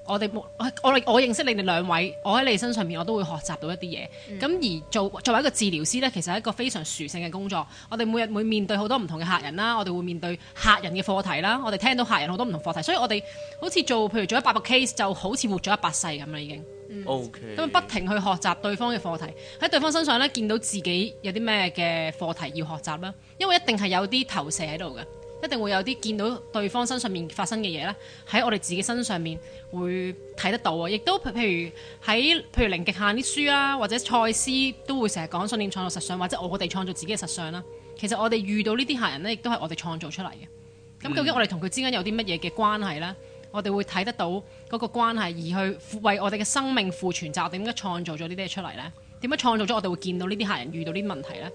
[SPEAKER 3] 我哋我我我認識你哋兩位，我喺你身上面我都會學習到一啲嘢。咁、嗯、而做作為一個治療師呢，其實係一個非常殊勝嘅工作。我哋每日會面對好多唔同嘅客人啦，我哋會面對客人嘅課題啦，我哋聽到客人好多唔同課題，所以我哋好似做譬如做一百個 case，就好似活咗一百世咁啦已經。
[SPEAKER 2] 咁、嗯、Okay 不
[SPEAKER 3] 停去學習對方嘅課題，喺對方身上呢，見到自己有啲咩嘅課題要學習啦，因為一定係有啲投射喺度嘅。一定會有啲見到對方身上面發生嘅嘢咧，喺我哋自己身上面會睇得到啊！亦都譬如喺譬如零極限啲書啦，或者賽斯都會成日講信念創造實相，或者我哋創造自己嘅實相啦。其實我哋遇到呢啲客人咧，亦都係我哋創造出嚟嘅。咁究竟我哋同佢之間有啲乜嘢嘅關係咧？我哋會睇得到嗰個關係，而去為我哋嘅生命負全責。點解創造咗呢啲嘢出嚟咧？點解創造咗我哋會見到呢啲客人遇到啲問題咧？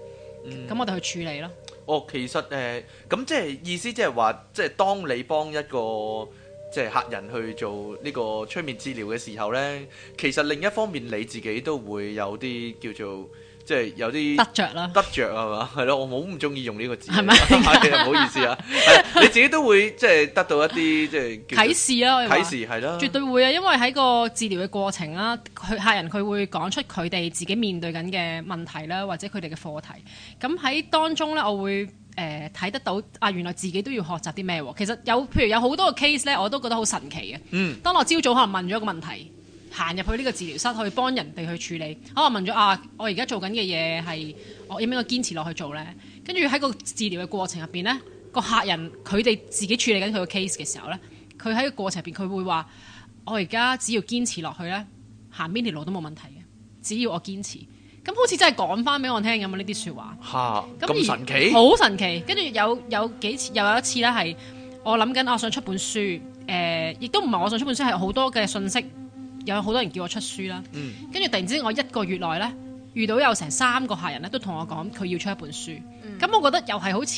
[SPEAKER 3] 咁我哋去處理咯。
[SPEAKER 2] 哦，其實誒，咁即係意思即係話，即係當你幫一個即係客人去做呢個催眠治療嘅時候咧，其實另一方面你自己都會有啲叫做。即係有啲得着啦，得着係嘛，係咯，我好唔中意用呢個字，係咪？唔 (laughs) 好意思啊，你自己都會即係得到一啲即係啟示啊，啟示係咯，對吧絕對
[SPEAKER 3] 會啊，因為喺個治療嘅過程啦，佢客人佢會講出佢哋自己面對緊嘅問題啦，或者佢哋嘅課題，咁喺當中咧，我會誒睇、呃、得到啊，原來自己都要學習啲咩喎，其實有譬如有好多個 case 咧，我都覺得好神奇嘅，嗯，當我朝早可能問咗個問題。嗯行入去呢個治療室去幫人哋去處理。我問咗啊，我而家做緊嘅嘢係，我應唔應該堅持落去做咧？跟住喺個治療嘅過程入邊咧，個客人佢哋自己處理緊佢個 case 嘅時候咧，佢喺個過程入邊佢會話：我而家只要堅持落去咧，行邊條路都冇問題嘅。只要我堅持，咁好似真係講翻俾我聽噉樣呢啲説話？
[SPEAKER 2] 咁、啊、神奇，好
[SPEAKER 3] 神奇。跟住有有幾次，又有一次咧係我諗緊、啊，我想出本書。誒、呃，亦都唔係我想出本書，係好多嘅信息。有好多人叫我出書啦，跟住、嗯、突然之間，我一個月內咧遇到有成三個客人咧，都同我講佢要出一本書，咁、嗯、我覺得又係好似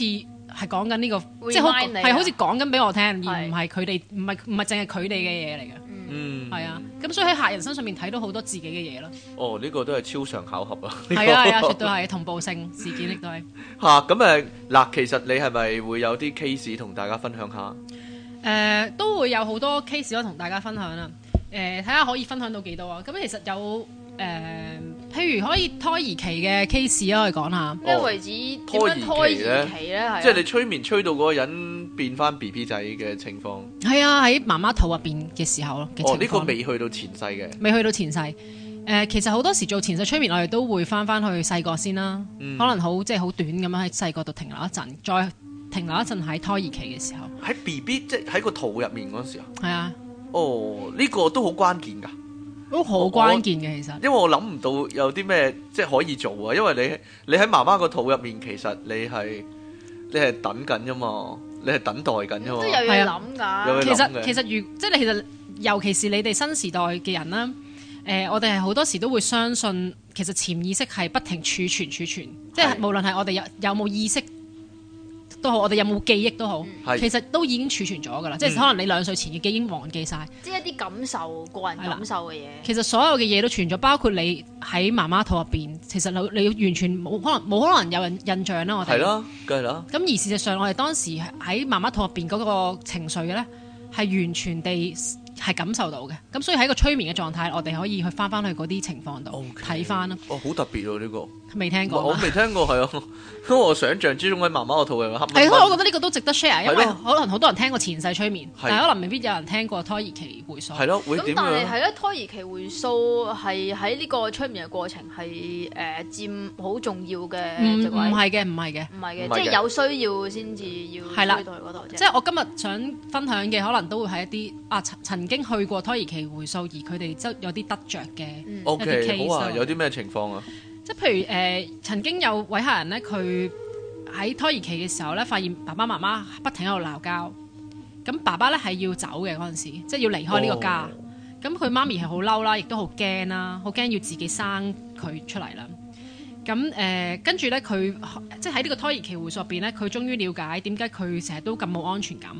[SPEAKER 3] 係講緊呢個，即係好似講緊俾我聽，是而唔係佢哋唔係唔係淨係佢哋嘅嘢嚟嘅，係、嗯、啊，咁所以喺客人身上面睇到好多自己嘅
[SPEAKER 2] 嘢咯。哦、呢、這個都係超常巧合啊，係、這個、啊，絕對係
[SPEAKER 3] 同步性事件亦都係。
[SPEAKER 2] 嚇咁誒嗱，其實你係咪會有啲 case 同大家分享下？
[SPEAKER 3] 誒、呃、都會有好多 case 咯，同大家分享啊。誒，睇下可以分享到幾多啊？咁、嗯、其實有誒、呃，譬如可以胎兒期嘅 case 啊，我哋講下咩位置？胎兒期咧，即係你
[SPEAKER 2] 催眠催到嗰個人變翻 B B 仔嘅情況，
[SPEAKER 3] 係啊、嗯，喺媽媽肚入邊嘅時候咯。哦，呢、這個未
[SPEAKER 2] 去到前世嘅，
[SPEAKER 3] 未去到前世。誒，其實好多時做前世催眠，我哋都會翻翻去細個先啦。嗯、可能好即係好短咁樣喺細個度停留一陣，再停留一陣喺胎兒期嘅時候，
[SPEAKER 2] 喺 B B 即係喺個肚入面嗰陣時候，係啊。哦，呢個都好關鍵噶，
[SPEAKER 3] 都好關鍵嘅我其實。
[SPEAKER 2] 因為我諗唔到有啲咩即係可以做啊，因為你你喺媽媽個肚入面，其實你係你係等緊啫嘛，你係等，等待緊啫嘛。即係
[SPEAKER 3] 有嘢諗㗎。其實其實，如即係你其實，尤其是你哋新時代嘅人啦，誒、呃，我哋係好多時都會相信，其實潛意識係不停儲存儲存，的即係無論係我哋有有冇意識。都好，我哋有冇記憶都好，嗯、其實都已經儲存咗㗎啦。嗯、即係可能你兩歲前嘅記憶已經忘記晒，嗯、
[SPEAKER 1] 即係一啲感受、個人感受嘅嘢。
[SPEAKER 3] 其實所有嘅嘢都存咗，包括你喺媽媽肚入邊。其實你完全冇可能，冇可能有人印象啦。我哋係咯，梗係咯。咁而事實上，我哋當時喺媽媽肚入邊嗰個情緒嘅咧，係完全地。係感受到嘅，咁所以喺一個催眠嘅狀態，我哋可以去翻翻去嗰啲情況度睇翻咯。
[SPEAKER 2] 哦，好特別喎呢個，未聽過，我未聽過，係啊，因為我想像之中喺媽媽個肚入面。係咯，我
[SPEAKER 3] 覺得呢個都值得 share，因為可能好多人聽過前世催眠，但可能未必有人聽過胎兒期
[SPEAKER 2] 回溯。係咯，咁但係係
[SPEAKER 1] 咧，胎兒期回溯係喺呢個催眠嘅過程係誒佔好重要嘅。唔唔係嘅，唔
[SPEAKER 3] 係嘅，唔係嘅，即係有需要先至要。係啦，即係我今日想分享嘅，可能都會係一啲啊陳陳曾經去過胎兒期回溯，而佢哋則有啲得着嘅。
[SPEAKER 2] O K，、嗯、些好啊，以有啲咩情況啊？
[SPEAKER 3] 即係譬如誒、呃，曾經有位客人咧，佢喺胎兒期嘅時候咧，發現爸爸媽媽不停喺度鬧交。咁爸爸咧係要走嘅嗰陣時，即係要離開呢個家。咁佢媽咪係好嬲啦，亦都好驚啦，好驚要自己生佢出嚟啦。咁誒，跟住咧，佢、呃、即喺呢個胎兒期回溯入邊咧，佢終於了解點解佢成日都咁冇安全感，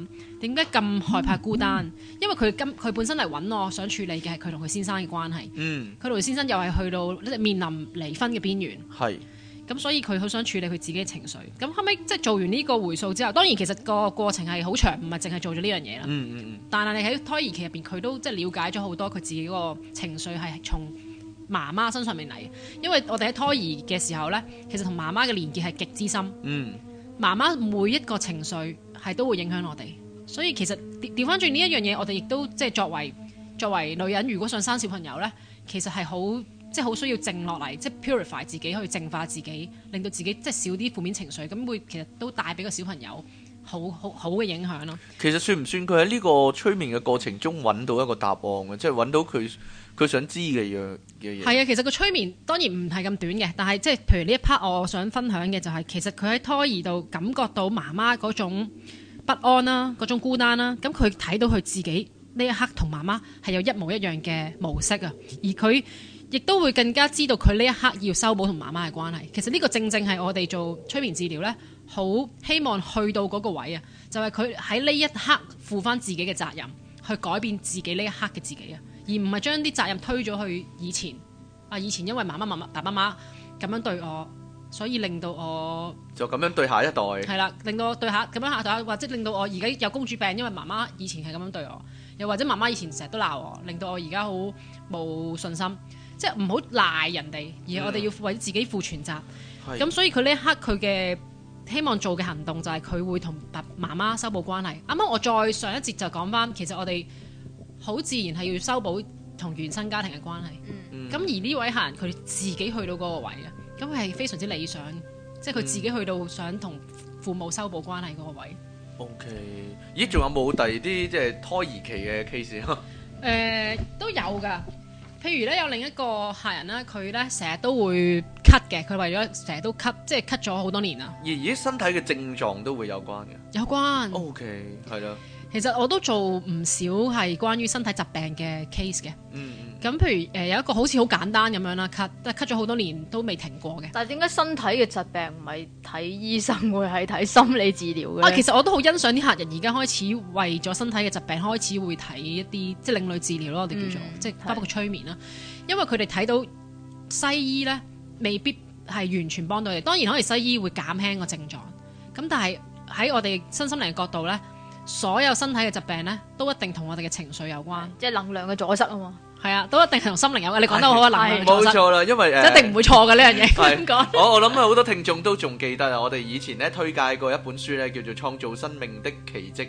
[SPEAKER 3] 點解咁害怕孤單？嗯嗯、因為佢今佢本身嚟揾我，想處理嘅係佢同佢先生嘅關係。佢同佢先生又係去到面臨離婚嘅邊緣。
[SPEAKER 2] 係是。
[SPEAKER 3] 咁所以佢好想處理佢自己嘅情緒。咁後尾即係做完呢個回溯之後，當然其實個過程係好長，唔係淨係做咗呢樣嘢啦。嗯嗯。但係你喺胎兒期入邊，佢都即係了解咗好多佢自己個情緒係從媽媽身上面嚟，因為我哋喺胎兒嘅時候呢，其實同媽媽嘅連結係極之深。嗯，媽媽每一個情緒係都會影響我哋，所以其實調調翻轉呢一樣嘢，我哋亦都即係作為作為女人，如果想生小朋友呢，其實係好即係好需要靜落嚟，即係 purify 自己，去淨化自己，令到自己即係少啲負面情緒，咁會其實都帶俾個小朋友好好好嘅影響咯。
[SPEAKER 2] 其實算唔算佢喺呢個催眠嘅過程中揾到一個答案嘅，即係揾到佢？佢想知嘅嘢嘅嘢，係啊，其實
[SPEAKER 3] 個催眠當然唔係咁短嘅，但係即係譬如呢一 part，我想分享嘅就係、是、其實佢喺胎兒度感覺到媽媽嗰種不安啦，嗰種孤單啦，咁佢睇到佢自己呢一刻同媽媽係有一模一樣嘅模式啊，而佢亦都會更加知道佢呢一刻要修補同媽媽嘅關係。其實呢個正正係我哋做催眠治療咧，好希望去到嗰個位啊，就係佢喺呢一刻負返自己嘅責任，去改變自己呢一刻嘅自己啊。而唔係將啲責任推咗去以前，啊以前因為媽媽媽媽爸爸媽媽咁樣對我，所以令到我
[SPEAKER 2] 就咁樣對下一代。係
[SPEAKER 3] 啦，令到我對下咁樣下或者令到我而家有公主病，因為媽媽以前係咁樣對我，又或者媽媽以前成日都鬧我，令到我而家好冇信心。即係唔好賴人哋，而我哋要為自己負全責,責,責。咁、嗯、所以佢呢一刻佢嘅希望做嘅行動就係佢會同爸爸媽媽修補關係。啱啱我再上一節就講翻，其實我哋。好自然係要修補同原生家庭嘅關係，咁、嗯、而呢位客人佢自己去到嗰個位啊，咁係非常之理想，嗯、即係佢自己去到想同父母修補關係嗰個位。
[SPEAKER 2] O、okay, K，咦？仲有冇第二啲即係胎兒期嘅 case？誒，
[SPEAKER 3] 都有噶，譬如咧有另一個客人啦，佢咧成日都會咳嘅，佢為咗成日都咳，即係咳咗好多年啊。
[SPEAKER 2] 而而，身體嘅症狀都會有關嘅，有關。O K，係啦。其實我都做
[SPEAKER 3] 唔少係關於身體疾病嘅 case 嘅，咁、嗯、譬如誒、呃、有一個好似好簡單咁樣啦，咳，但係咳咗好多年都未停過嘅。但係點解身體嘅疾病唔係睇醫生會係睇心理治療嘅？啊，其實我都好欣賞啲客人而家開始為咗身體嘅疾病開始會睇一啲即係另類治療咯，我哋叫做、嗯、即係包括催眠啦，是的 因為佢哋睇到西醫咧，未必係完全幫到你，當然可能西醫會減輕個症狀，咁但係喺我哋身心靈嘅角度咧。所有身體嘅疾病咧，都一定同我哋嘅情緒有關，即係能量嘅阻塞啊嘛。係啊，都一定係同心靈有關。你講得好啊，能量冇錯啦，因為誒一定唔會錯嘅呢樣嘢。係，
[SPEAKER 2] 我我諗啊，好多聽眾都仲記得啊，我哋以前咧推介過一本書咧，叫做《創造生命的奇蹟》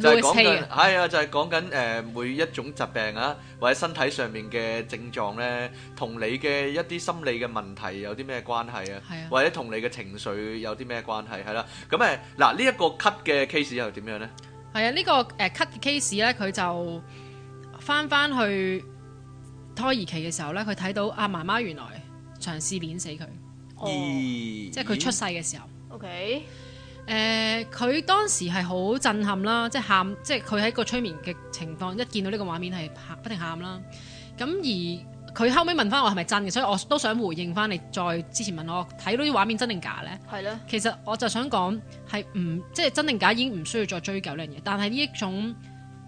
[SPEAKER 2] 啊，就係講緊係啊，就係講緊誒每一種疾病啊，或者身體上面嘅症狀咧，同你嘅一啲心理嘅問題有啲咩關係啊？係啊，或者同你嘅情緒有啲咩關係？係啦，咁誒嗱呢一個 cut 嘅 case 又點樣咧？
[SPEAKER 3] 係啊，呢個誒 cut case 咧，佢就返返去胎兒期嘅時候咧，佢睇到阿媽媽原來嘗試碾死佢
[SPEAKER 1] ，oh. 即係佢出世
[SPEAKER 3] 嘅時候。OK，誒佢、呃、當時係好震撼啦，即係喊，即係佢喺個催眠嘅情況，一見到呢個畫面係不停喊啦。咁而佢後尾問翻我係咪真嘅，所以我都想回應翻你。再之前問我睇到啲畫面真定假咧，係咧呢。其實我就想講，係唔即係真定假已經唔需要再追究呢樣嘢。但係呢一種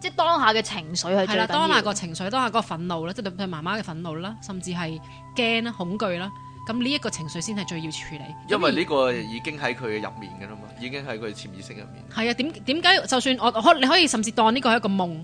[SPEAKER 3] 即係當下嘅情緒係啦、啊，當下個情緒，當下個憤怒咧，即係對媽媽嘅憤怒啦，甚至係驚啦、恐懼啦。咁呢一個情緒先係最要處理。因為
[SPEAKER 2] 呢個已經喺佢嘅入面㗎喇嘛，已經喺佢潛意識入面。
[SPEAKER 3] 係啊，點點解就算我可你可以甚至當呢個係一個夢？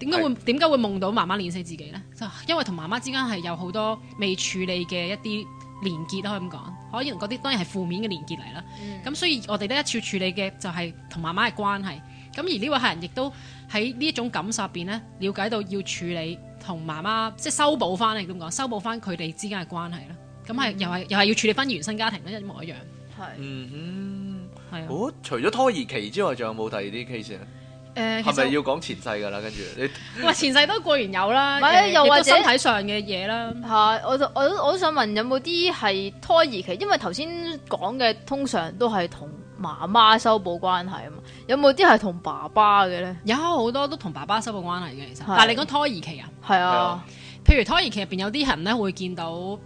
[SPEAKER 3] 點解會點解會夢到媽媽練死自己咧？就因為同媽媽之間係有好多未處理嘅一啲連結咯，可以咁講。可以嗰啲當然係負面嘅連結嚟啦。咁、嗯、所以我哋咧一次處理嘅就係同媽媽嘅關係。咁而呢位客人亦都喺呢一種感受入邊咧，了解到要處理同媽媽即係修補翻，可以咁講，修補翻佢哋之間嘅關係啦。咁係、嗯、又係又係要處理翻原生家庭咧，一模一樣。
[SPEAKER 2] 係是、嗯。嗯哼。係、啊。哦，除咗胎兒期之外，仲有冇第二啲 case 咧？係咪、呃、要講前世噶啦？跟住你，唔 (laughs) 前
[SPEAKER 3] 世都固然有啦，不呃、又或者身體上嘅嘢啦。吓、啊，我
[SPEAKER 1] 就我我都想問，有冇啲係胎兒期？因為頭先講嘅通常都係同媽媽修補關係啊嘛。有冇啲係同爸爸嘅咧？有好多都同爸
[SPEAKER 3] 爸修補關係嘅，其實。是但係你講胎兒期啊？係啊。啊譬如胎兒期入邊有啲人咧會見到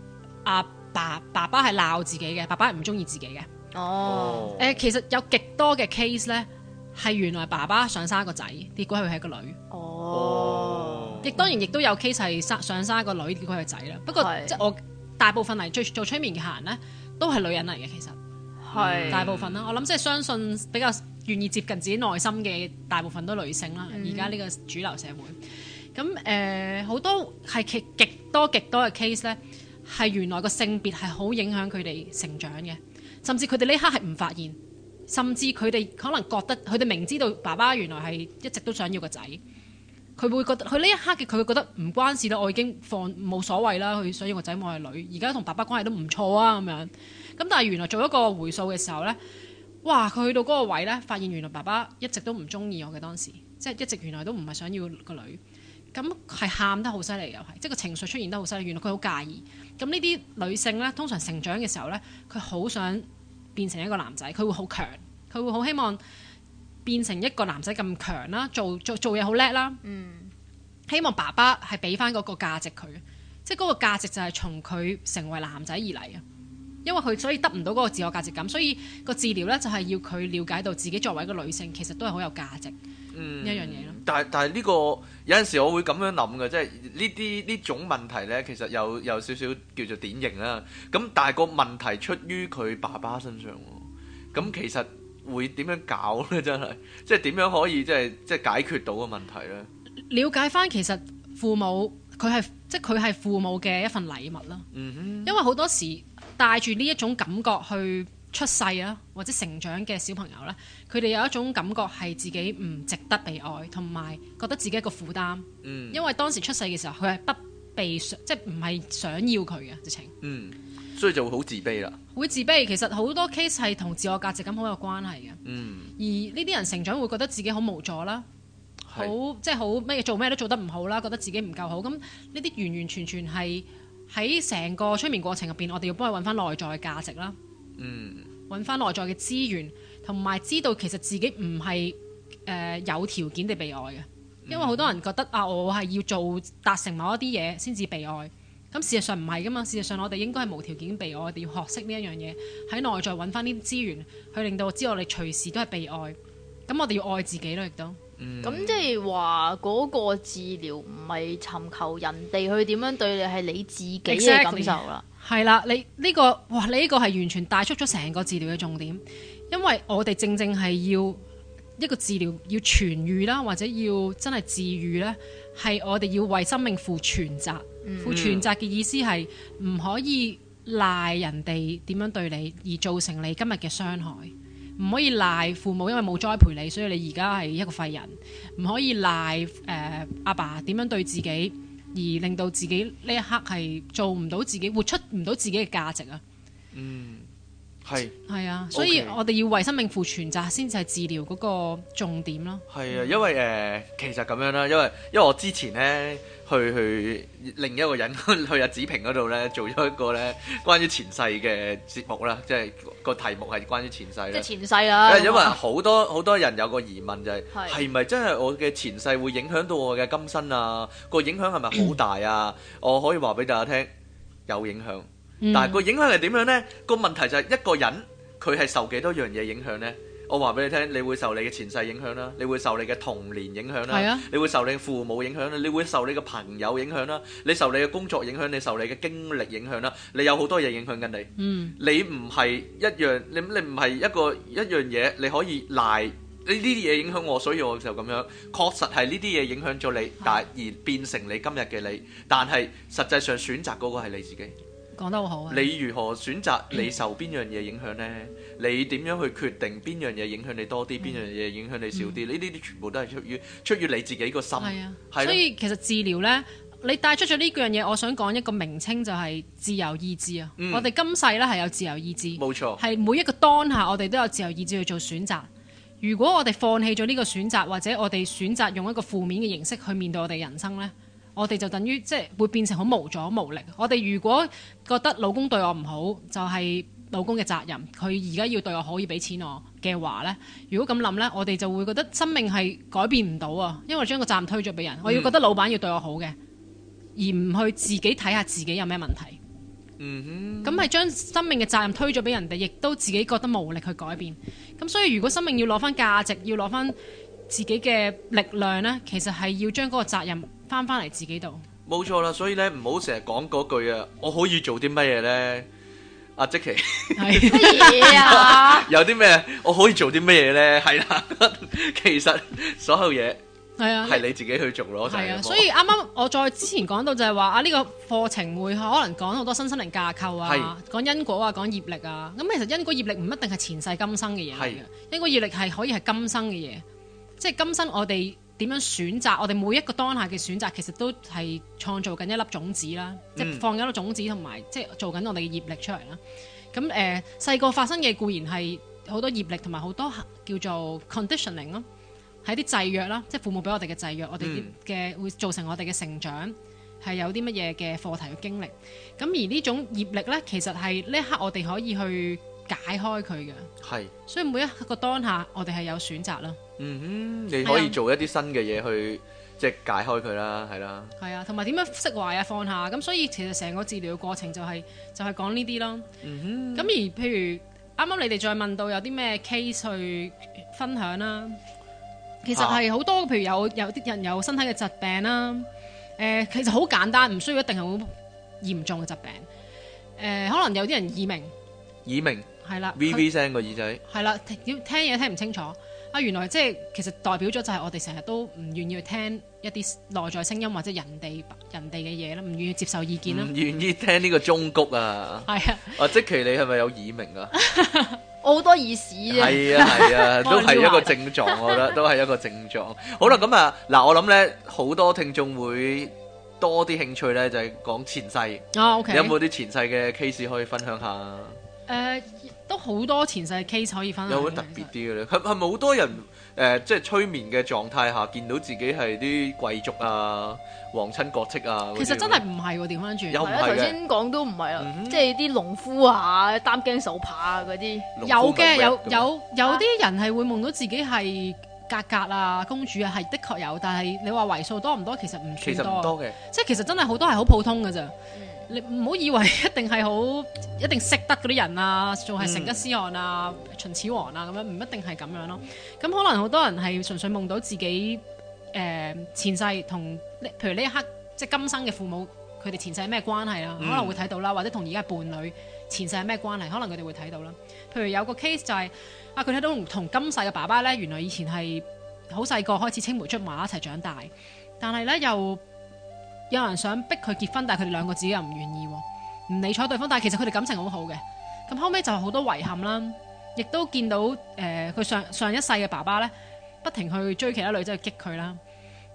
[SPEAKER 3] 阿、啊、爸爸爸係鬧自己嘅，爸爸係唔中意自己嘅。爸爸己哦。誒，其實有極多嘅 case 咧。係原來爸爸想生一個仔，結果佢係一個女。哦，亦當然亦都有 case 係生想生一個女，結果係仔啦。不過即係是我大部分嚟做催眠嘅客人咧，都係女人嚟嘅，其實係是、嗯、大部分啦。我諗即係相信比較願意接近自己內心嘅大部分都女性啦。而家呢個主流社會，咁誒好多係極極多極多嘅 case 咧，係原來個性別係好影響佢哋成長嘅，甚至佢哋呢刻係唔發現。甚至佢哋可能覺得佢哋明知道爸爸原來係一直都想要個仔，佢會覺得佢呢一刻嘅佢會覺得唔關事啦，我已經放冇所謂啦。佢想要個仔我係女，而家同爸爸關係都唔錯啊咁樣。咁但係原來做一個回溯嘅時候呢，哇！佢去到嗰個位呢，發現原來爸爸一直都唔中意我嘅當時，即係一直原來都唔係想要個女。咁係喊得好犀利又係，即係個情緒出現得好犀利。原來佢好介意。咁呢啲女性呢，通常成長嘅時候呢，佢好想變成一個男仔，佢會好強，佢會好希望變成一個男仔咁強啦，做做做嘢好叻啦，嗯、希望爸爸係俾翻嗰個價值佢，即係嗰個價值就係從佢成為男仔而嚟嘅。因為佢所以得唔到嗰個自我價值感，所以個治療咧就係、是、要佢了解到自己作為一個女性其實都係好有價值，嗯、一樣嘢
[SPEAKER 2] 咯。但係但係呢個有陣時我會咁樣諗嘅，即係呢啲呢種問題咧，其實有有少少叫做典型啦。咁但係個問題出於佢爸爸身上喎，咁其實會點樣搞咧？真係即係點樣可以即係即係解決到個問題咧？
[SPEAKER 3] 了解翻其實父母佢係即係佢係父母嘅一份禮物咯，嗯、哼因為好多時。帶住呢一種感覺去出世呀，或者成長嘅小朋友呢，佢哋有一種感覺係自己唔值得被愛，同埋覺得自己一個負擔。嗯，因為當時出世嘅時候，佢係不被即係唔係想要佢
[SPEAKER 2] 嘅直情。嗯，所以就會好自卑啦。
[SPEAKER 3] 會自卑，其實好多 case 係同自我價值感好有關係嘅。嗯，而呢啲人成長會覺得自己好無助啦，好是即係好咩做咩都做得唔好啦，覺得自己唔夠好。咁呢啲完完全全係。喺成個催眠過程入邊，我哋要幫佢揾翻內在嘅價值啦，揾翻、嗯、內在嘅資源，同埋知道其實自己唔係誒有條件地被愛嘅，因為好多人覺得啊，我係要做達成某一啲嘢先至被愛，咁事實上唔係噶嘛，事實上我哋應該係無條件被愛，我哋要學識呢一樣嘢，喺內在揾翻啲資源，去令到知我知我哋隨時都係被愛，咁我哋要愛自己咯，亦都。咁、嗯、即係話
[SPEAKER 1] 嗰個治療唔係尋求人哋去點樣對你，係你自己嘅感受啦。係
[SPEAKER 3] 啦 Exactly. (noise) 你呢、呢個哇，你呢個係完全帶出咗成個治療嘅重點，因為我哋正正係要一個治療要痊癒啦，或者要真係治愈呢。係我哋要為生命負全責。負、嗯、全責嘅意思係唔可以賴人哋點樣對你而造成你今日嘅傷害。唔可以賴父母，因為冇栽培你，所以你而家係一個廢人。唔可以賴誒阿爸點樣對自己，而令到自己呢一刻係做唔到自己，活出唔到自己嘅價值啊！嗯。係，係是啊，所以 okay. 我哋要為生命負全責先至係治療嗰個重點咯。
[SPEAKER 2] 係啊，因為誒、呃，其實咁樣啦，因為因為我之前咧去去另一個人去阿、啊、子平嗰度咧做咗一個咧關於前世嘅節目啦， (laughs) 即係個題目係關於前世啦。即前
[SPEAKER 1] 世啦。因為
[SPEAKER 2] 好多好嗎多人有個疑問就係、是，係咪是真係我嘅前世會影響到我嘅今生啊？個影響係咪好大啊？ (coughs) 我可以話俾大家聽，有影響。但係個影響係點樣呢？個問題就係一個人佢係受幾多樣嘢影響呢？我話俾你聽，你會受你嘅前世影響啦，你會受你嘅童年影響啦，你會受你父母影響啦，你會受你嘅朋友影響啦，你受你嘅工作影響，你受你嘅經歷影響啦，你有好多嘢影響緊你。嗯，你唔係一樣，你你唔係一個一樣嘢，你可以賴呢啲嘢影響我，所以我就咁樣。確實係呢啲嘢影響咗你，但而變成你今日嘅你。但係實際上選擇嗰個係你自己。
[SPEAKER 3] 講得好好啊！你如
[SPEAKER 2] 何選擇？你受邊樣嘢影響呢？嗯、你點樣去決定邊樣嘢影響你多啲，邊樣嘢影響你少啲？呢啲、嗯、全部都係出於出於你自己個心。啊啊、所以
[SPEAKER 3] 其實治療呢，你帶出咗呢樣嘢，我想講一個名稱就係自由意志啊！嗯、我哋今世呢，係有自由意志，冇錯，係每一個當下我哋都有自由意志去做選擇。如果我哋放棄咗呢個選擇，或者我哋選擇用一個負面嘅形式去面對我哋人生呢。我哋就等於即係會變成好無阻無力。我哋如果覺得老公對我唔好，就係老公嘅責任。佢而家要對我可以俾錢我嘅話呢，如果咁諗呢，我哋就會覺得生命係改變唔到啊。因為將個責任推咗俾人，我要覺得老闆要對我好嘅，而唔去自己睇下自己有咩問題。嗯，咁係將生命嘅責任推咗俾人哋，亦都自己覺得無力去改變。咁所以如果生命要攞翻價值，要攞翻自己嘅力量呢，其實係要將嗰個責任，翻翻嚟自己度，
[SPEAKER 2] 冇錯啦。所以咧，唔好成日講嗰句啊！我可以做啲乜嘢咧？阿、啊、即奇，係啊， (laughs) 有啲咩我可以做啲乜嘢咧？係啦，其實所有嘢係啊，係你自己去做咯。係、就、啊、是，所以啱
[SPEAKER 3] 啱我再之前講到就係話啊，呢、這個課程會可能講好多身心靈架構啊，講的因果啊，講業力啊。咁其實因果業力唔一定係前世今生嘅嘢嚟嘅，因果業力係可以係今生嘅嘢，即係今生我哋。點樣選擇？我哋每一個當下嘅選擇，其實都係創造緊一粒種子啦，嗯、即係放咗粒種，種子，同埋即係做緊我哋嘅業力出嚟啦。咁誒細個發生嘅固然係好多業力，同埋好多叫做 conditioning 咯，係啲制約啦，即係父母俾我哋嘅制約，我哋嘅、嗯、會造成我哋嘅成長係有啲乜嘢嘅課題嘅經歷。咁而呢種業力咧，其實係呢一刻我哋可以去解開佢嘅。係。所以每一個當下，我哋係有選擇啦。嗯
[SPEAKER 2] 哼，你可以做一啲新嘅嘢去，即係解開佢啦，係啦。
[SPEAKER 3] 係啊，同埋點樣釋懷啊，放下咁，所以其實成個治療嘅過程就係就係講呢啲咯。
[SPEAKER 2] 嗯
[SPEAKER 3] 哼。咁而譬如啱啱你哋再問到有啲咩 case 去分享啦，其實係好多，譬如有有啲人有身體嘅疾病啦。誒，其實好簡單，唔需要一定係好嚴重嘅疾病。誒，可能有啲人耳鳴，
[SPEAKER 2] 耳鳴係啦，VV 聲個耳仔
[SPEAKER 3] 係啦，要聽嘢聽唔清楚。啊，原來即係其實代表咗就係我哋成日都唔願意去聽一啲內在聲音或者人哋人哋嘅嘢啦，唔願意接受意見啦。唔
[SPEAKER 2] 願意聽呢個忠告啊。係 (laughs) 啊。 (laughs) 係係啊，即其你係咪有耳鳴啊？我
[SPEAKER 3] 好多耳屎啊。係
[SPEAKER 2] 啊係啊，都係一個症狀，我覺得都係一個症狀。好啦，咁 (laughs) 啊嗱，我諗咧好多聽眾會多啲興趣咧，就係、係、講前世。啊 okay、有冇啲前世嘅 case 可以分享下？誒。
[SPEAKER 3] Uh, 都好多前世嘅 case 可以分享。有啲特
[SPEAKER 2] 別啲嘅咧，係係咪好多人誒、呃？即係催眠嘅狀態下，見到自己係啲貴族啊、皇親國戚啊。其實真係
[SPEAKER 3] 唔係喎，調翻轉。又唔係。頭先講都唔係啊，嗯、哼即係啲農夫啊、擔驚受怕啊嗰啲的。有嘅，有有有啲人係會夢到自己係格格啊、公主啊，係的確有。但係你話為數多唔多，其實唔其實唔多嘅。即係其實真係好多係好普通嘅咋。嗯你唔好以為一定係好，一定識得嗰啲人啊，仲係成吉思汗啊、秦始皇啊咁樣，唔一定係咁樣咯。咁可能好多人係純粹夢到自己，誒前世同，譬如呢一刻即係今生嘅父母，佢哋前世係咩關係啊？嗯、可能會睇到啦，或者同而家伴侶前世係咩關係？可能佢哋會睇到啦。譬如有個 case 就係啊，佢睇到同今世嘅爸爸咧，原來以前係好細個開始青梅竹馬一齊長大，但係咧又。有人想逼佢結婚，但係佢哋兩個自己又唔願意，唔理睬對方。但係其實佢哋感情好好嘅。咁後尾就好多遺憾啦，亦都見到誒佢、呃、上上一世嘅爸爸咧，不停去追其他女仔去激佢啦。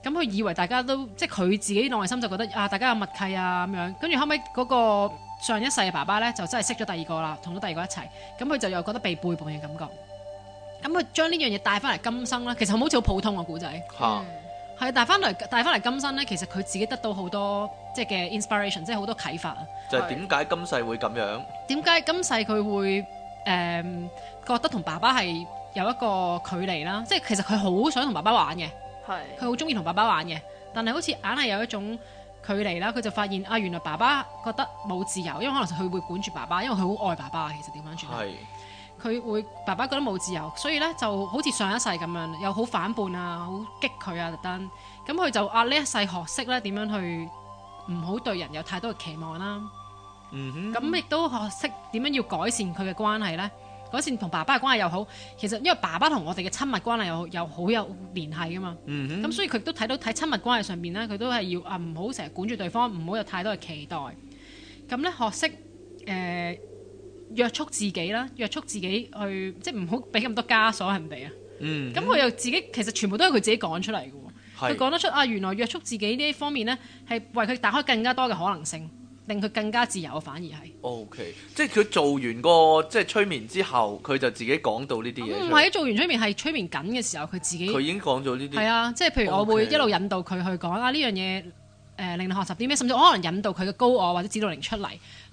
[SPEAKER 3] 咁佢以為大家都即係佢自己內心就覺得啊，大家有默契啊咁樣。跟住後尾嗰個上一世嘅爸爸咧，就真係識咗第二個啦，同咗第二個一齊。咁佢就又覺得被背叛嘅感覺。咁佢將呢樣嘢帶翻嚟今生啦，其實好似好普通嘅古仔。啊係，帶翻嚟，帶翻嚟今生咧，其實佢自己得到好多即係嘅 inspiration，即係好多啟發。就係點
[SPEAKER 2] 解今世會咁樣？
[SPEAKER 3] 點解今世佢會誒、呃、覺得同爸爸係有一個距離啦？即係其實佢好想同爸爸玩嘅，佢好中意同爸爸玩嘅，但係好似硬係有一種距離啦。佢就發現啊，原來爸爸覺得冇自由，因為可能佢會管住爸爸，因為佢好愛爸爸。其實調翻轉佢會爸爸覺得冇自由，所以咧就好似上一世咁樣，又好反叛啊，好激佢啊，特登。咁佢就啊呢一世學識咧點樣去唔好對人有太多嘅期望啦、啊。嗯哼。咁亦都學識點樣要改善佢嘅關係呢？改善同爸爸嘅關係又好，其實因為爸爸同我哋嘅親密關係又又好有聯繫噶嘛。嗯哼。咁所以佢都睇到睇親密關係上面呢，佢都係要啊唔好成日管住對方，唔好有太多嘅期待。咁咧學識誒。呃約束自己啦，約束自己去，即係唔好俾咁多枷鎖係唔俾啊。咁佢又自己其實全部都係佢自己講出嚟嘅喎。佢講是得出啊，原來約束自己呢一方面呢係為佢打開更加多嘅可能性，令佢更加自由反而
[SPEAKER 2] 係。O、okay. K，即係佢做完、那個即係、就是、催眠之後，佢就自己講到呢啲嘢。唔係、啊，
[SPEAKER 3] 做完催眠係催眠緊嘅時候，佢自己。佢已經
[SPEAKER 2] 講咗呢啲。係啊，即係譬如我會一路
[SPEAKER 3] 引導佢去講 Okay. 啊，呢樣嘢、呃、令你學習啲咩？甚至我可能引導佢嘅高我或者指導靈出嚟，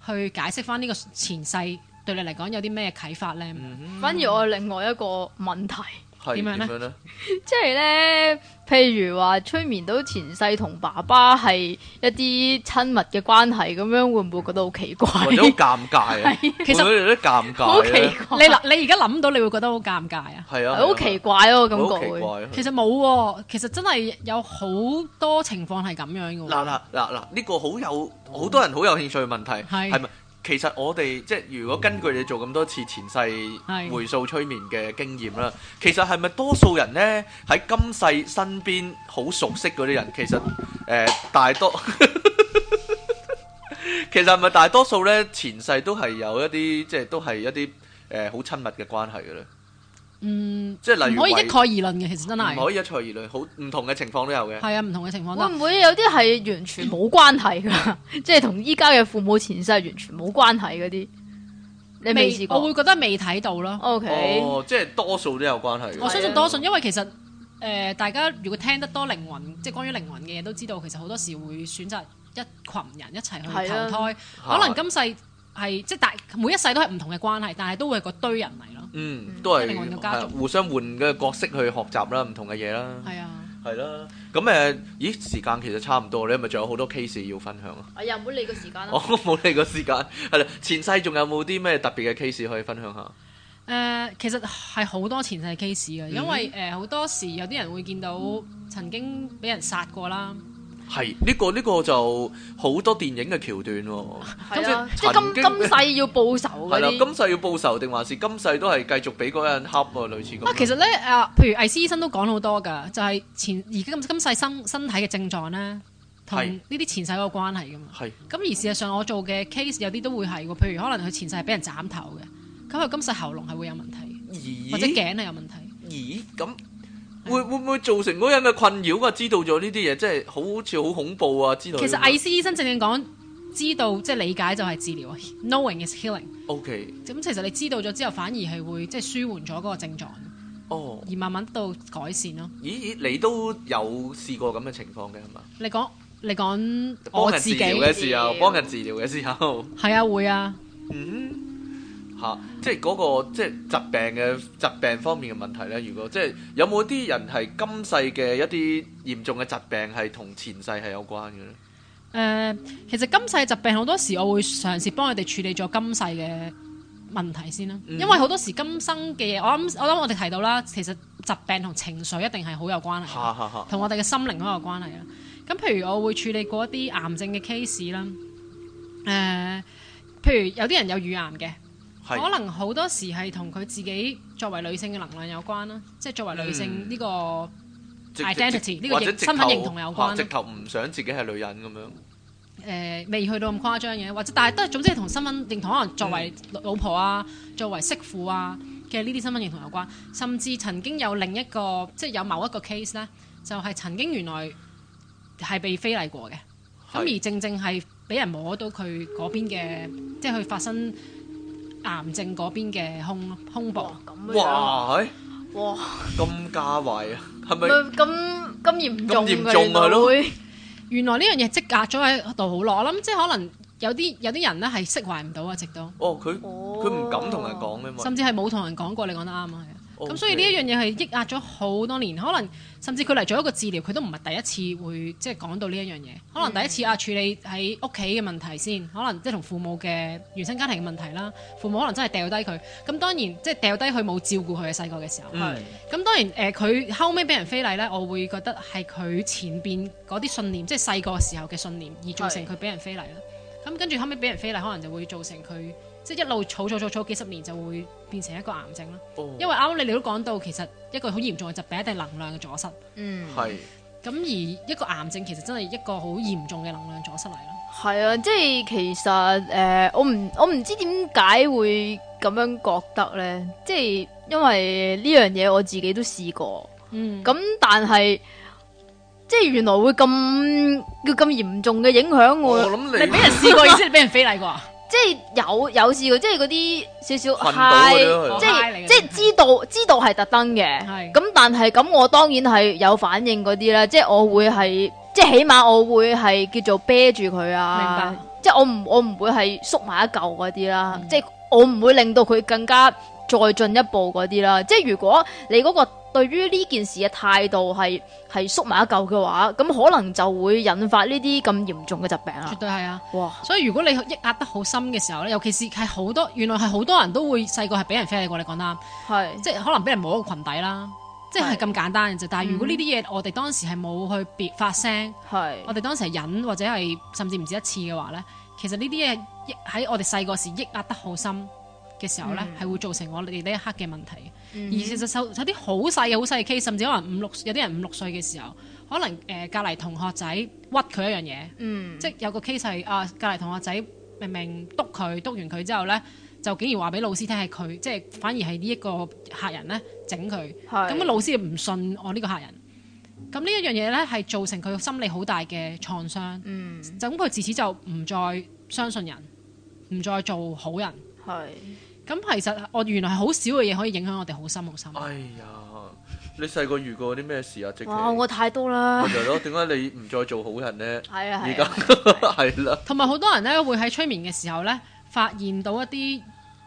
[SPEAKER 3] 去解釋翻呢個前世。對你嚟講有啲咩啟發咧？反而我有另外一個問題，點
[SPEAKER 2] 樣咧？
[SPEAKER 1] 即係咧，譬如話催眠到前世同爸爸係一啲親密嘅關係，咁樣會唔會覺得好奇怪？或者
[SPEAKER 2] 好尷尬啊？其實有都尷尬，好奇怪。
[SPEAKER 3] 你你而家諗到你會覺得好尷尬啊？係啊，好奇怪嗰個感覺。奇怪，其實冇喎。其實真係有好多情況係咁樣嘅。嗱嗱
[SPEAKER 2] 嗱嗱，呢個好有好多人好有興趣嘅問題係咪？其實我哋即係如果根據你做咁多次前世回溯催眠嘅經驗啦，的其實係咪多數人呢？喺今世身邊好熟悉嗰啲人，其實誒、呃、大多， (laughs) 其實係咪大多數呢？前世都係有一啲即係都係一啲誒好親密嘅關係嘅咧？嗯，即係例如唔可以一概而
[SPEAKER 3] 論嘅，其實真係唔可以
[SPEAKER 2] 一概而論，好唔同嘅情況都有嘅。係
[SPEAKER 3] 啊，唔同
[SPEAKER 1] 嘅情況都有。會唔會有啲係完全冇關係噶？ (laughs) 即係同依家嘅父母前世係完全
[SPEAKER 3] 冇關係嗰啲，未你未試過？我會覺得未睇到咯。O Okay K，哦，
[SPEAKER 2] 即係多數都有關係。我相信多數，
[SPEAKER 3] 因為其實誒、呃，大家如果聽得多靈魂，即係關於靈魂嘅嘢，都知道其實好多時會選擇一群人一齊去投胎。啊、可能今世係即係大每一世都係唔同嘅關係，但係都會係個堆人嚟咯。
[SPEAKER 2] 嗯，都係是互相換嘅角色去學習啦，唔同嘅嘢啦，係啊，係啦。咁誒，咦？時間其實差唔多，你係咪仲有好多 case 要分享
[SPEAKER 3] 啊？又唔好理個
[SPEAKER 2] 時間啊！我冇理個時間，係啦，前世仲有冇啲咩特別嘅 case 可以分享下？
[SPEAKER 3] 誒、呃，其實係好多前世 case 嘅，因為誒好、嗯呃、多時有啲人會見到曾經俾人殺過啦。嗯嗯
[SPEAKER 2] 係呢、這個呢、這個就好多電影嘅橋段喎，即係今今
[SPEAKER 3] 世要報仇嗰啦，今、啊、世
[SPEAKER 2] 要報仇定還是今世都係繼續俾嗰人恰喎，類似咁。啊，其實咧，
[SPEAKER 3] 啊，譬如艾斯醫生都講好多噶，就係、是、前而家今世身今世身體嘅症狀咧，同呢啲前世有關係噶嘛。咁是而事實上，我做嘅 case 有啲都會係，譬如可能佢前世係俾人斬頭嘅，咁佢今世喉嚨係會有問題，
[SPEAKER 2] 咦或者
[SPEAKER 3] 頸係有問題。
[SPEAKER 2] 咦？咁。會會唔會造成嗰樣嘅困擾啊？知道咗呢啲嘢，真係好似好恐怖啊！知道其實艾
[SPEAKER 3] 斯醫生正正講，知道即係理解就係治療啊。Knowing is healing。
[SPEAKER 2] OK。
[SPEAKER 3] 咁其實你知道咗之後，反而係會即係舒緩咗嗰個症狀。哦。Oh. 而慢慢到改善咯。
[SPEAKER 2] 咦咦，你都有試過咁嘅情況嘅係嘛？
[SPEAKER 3] 你講你講，我自己嘅時候，幫
[SPEAKER 2] 治療，人治療嘅時候，
[SPEAKER 3] 係啊會啊。嗯。
[SPEAKER 2] 嚇、啊！即係嗰、那個即係疾病嘅疾病方面嘅問題咧。如果即係有冇啲人係今世嘅一啲嚴重嘅疾病係同前世係有關嘅咧？誒、
[SPEAKER 3] 呃，其實今世嘅疾病好多時，我會嘗試幫佢哋處理咗今世嘅問題先啦。嗯、因為好多時今生嘅嘢，我諗我諗我哋提到啦，其實疾病同情緒一定係好有關係
[SPEAKER 1] 嘅，同
[SPEAKER 3] 我哋嘅心靈都有關係啦。咁譬如我會處理過一啲癌症嘅 case 啦。誒、呃，譬如有啲人有乳癌嘅。可能好多時係同佢自己作為女性嘅能量有關啦，啊，即係作為女性呢個 identity 呢個、嗯、身份認同有關，啊直啊。直
[SPEAKER 2] 頭唔想自己係女人咁樣。
[SPEAKER 3] 誒、呃，未去到咁誇張嘅，或者但係都係總之係同身份認同，可能作為老婆啊、作為媳婦啊嘅呢啲身份認同有關。甚至曾經有另一個，即係有某一個 case 咧，就係、是、曾經原來係被非禮過嘅，咁是而正正係俾人摸到佢嗰邊嘅，即係去發生。癌症嗰邊嘅胸胸部，咁樣。哇，係哇，
[SPEAKER 2] 咁加壞啊，係咪
[SPEAKER 3] 咁咁嚴重咁嚴重咪咯？原來呢樣嘢積壓咗喺度好耐，我諗即係可能有啲有啲人咧係釋懷唔到啊，直到
[SPEAKER 2] 哦，佢佢唔敢同人講嘅嘛，甚至
[SPEAKER 3] 係冇同人講過，你講得啱啊。咁所以呢一樣嘢係抑壓咗好多年，可能甚至佢嚟做一個治療，佢都唔係第一次會即係講到呢一樣嘢。可能第一次啊，處理喺屋企嘅問題先，可能即係同父母嘅原生家庭嘅問題啦。父母可能真係掉低佢，咁當然即係掉低佢冇照顧佢嘅細個嘅時候。係。咁當然誒，佢、呃、後尾俾人非禮咧，我會覺得係佢前邊嗰啲信念，即係細個時候嘅信念而造成佢俾人非禮啦。咁係。跟住後尾俾人非禮，可能就會造成佢。即係一路儲儲儲儲幾十年就會變成一個癌症咯，oh. 因為啱你哋都講到，其實一個好嚴重嘅疾病一定係能量嘅阻塞，嗯係、mm. 是，咁而一個癌症其實真係一個好嚴重嘅能量阻塞嚟咯。
[SPEAKER 1] 係啊，即係其實誒、呃，我唔我唔知點解會咁樣覺得咧，即係因為呢樣嘢我自己都試過，咁、mm. 但係即係原來會咁要咁嚴重嘅影響我你，你俾人試過，意思係俾人非禮過啩？ (laughs) 即係有有事嘅，即係嗰啲少少，係即係即係知道知道係特登嘅。咁係、嗯、但係咁，我當然係有反應嗰啲啦。即係我會係即係起碼我會係叫做啤住佢啊。明白？即係我唔我唔會係縮埋一嚿嗰啲啦。嗯、即係我唔會令到佢更加再進一步嗰啲啦。即係如果你嗰個對於呢件事嘅態度係係縮埋一嚿嘅話，咁可能就會引發呢啲咁嚴重嘅疾病啦。絕對係啊！哇！
[SPEAKER 3] 所以如果你抑壓得好深嘅時候咧，尤其是係好多原來係好多人都會細個係俾人飛你過，你講得啱係，是即係可能俾人摸一個裙底啦，即係咁簡單嘅啫。是但係如果呢啲嘢我哋當時係冇去別發聲，係是我哋當時係忍或者係甚至唔止一次嘅話咧，其實呢啲嘢喺我哋細個時抑壓得好深嘅時候咧，係會造成我哋呢一刻嘅問題。而其實有啲好細好細嘅 case，甚至可能五六有啲人五六歲嘅時候，可能誒、呃、隔離同學仔屈佢一樣嘢，嗯、即係有個 case 係啊隔離同學仔明明督佢，督完佢之後呢，就竟然話俾老師聽係佢，即係反而係呢一個客人呢整佢，咁是老師唔信我呢個客人，咁呢一樣嘢呢係造成佢心理好大嘅創傷，就咁佢自此就唔再相信人，唔再做好人。咁、嗯、其實我原來係好少嘅嘢可以影響我哋好深好深。哎
[SPEAKER 2] 呀！你細個遇過啲咩事啊？即哇！我
[SPEAKER 3] 太多啦。咪 (laughs) 就
[SPEAKER 2] 係咯，點解你唔再做好人咧？係 (laughs) 啊係。而家啦、啊。
[SPEAKER 3] 同埋好多人咧，會喺催眠嘅時候咧，發現到一啲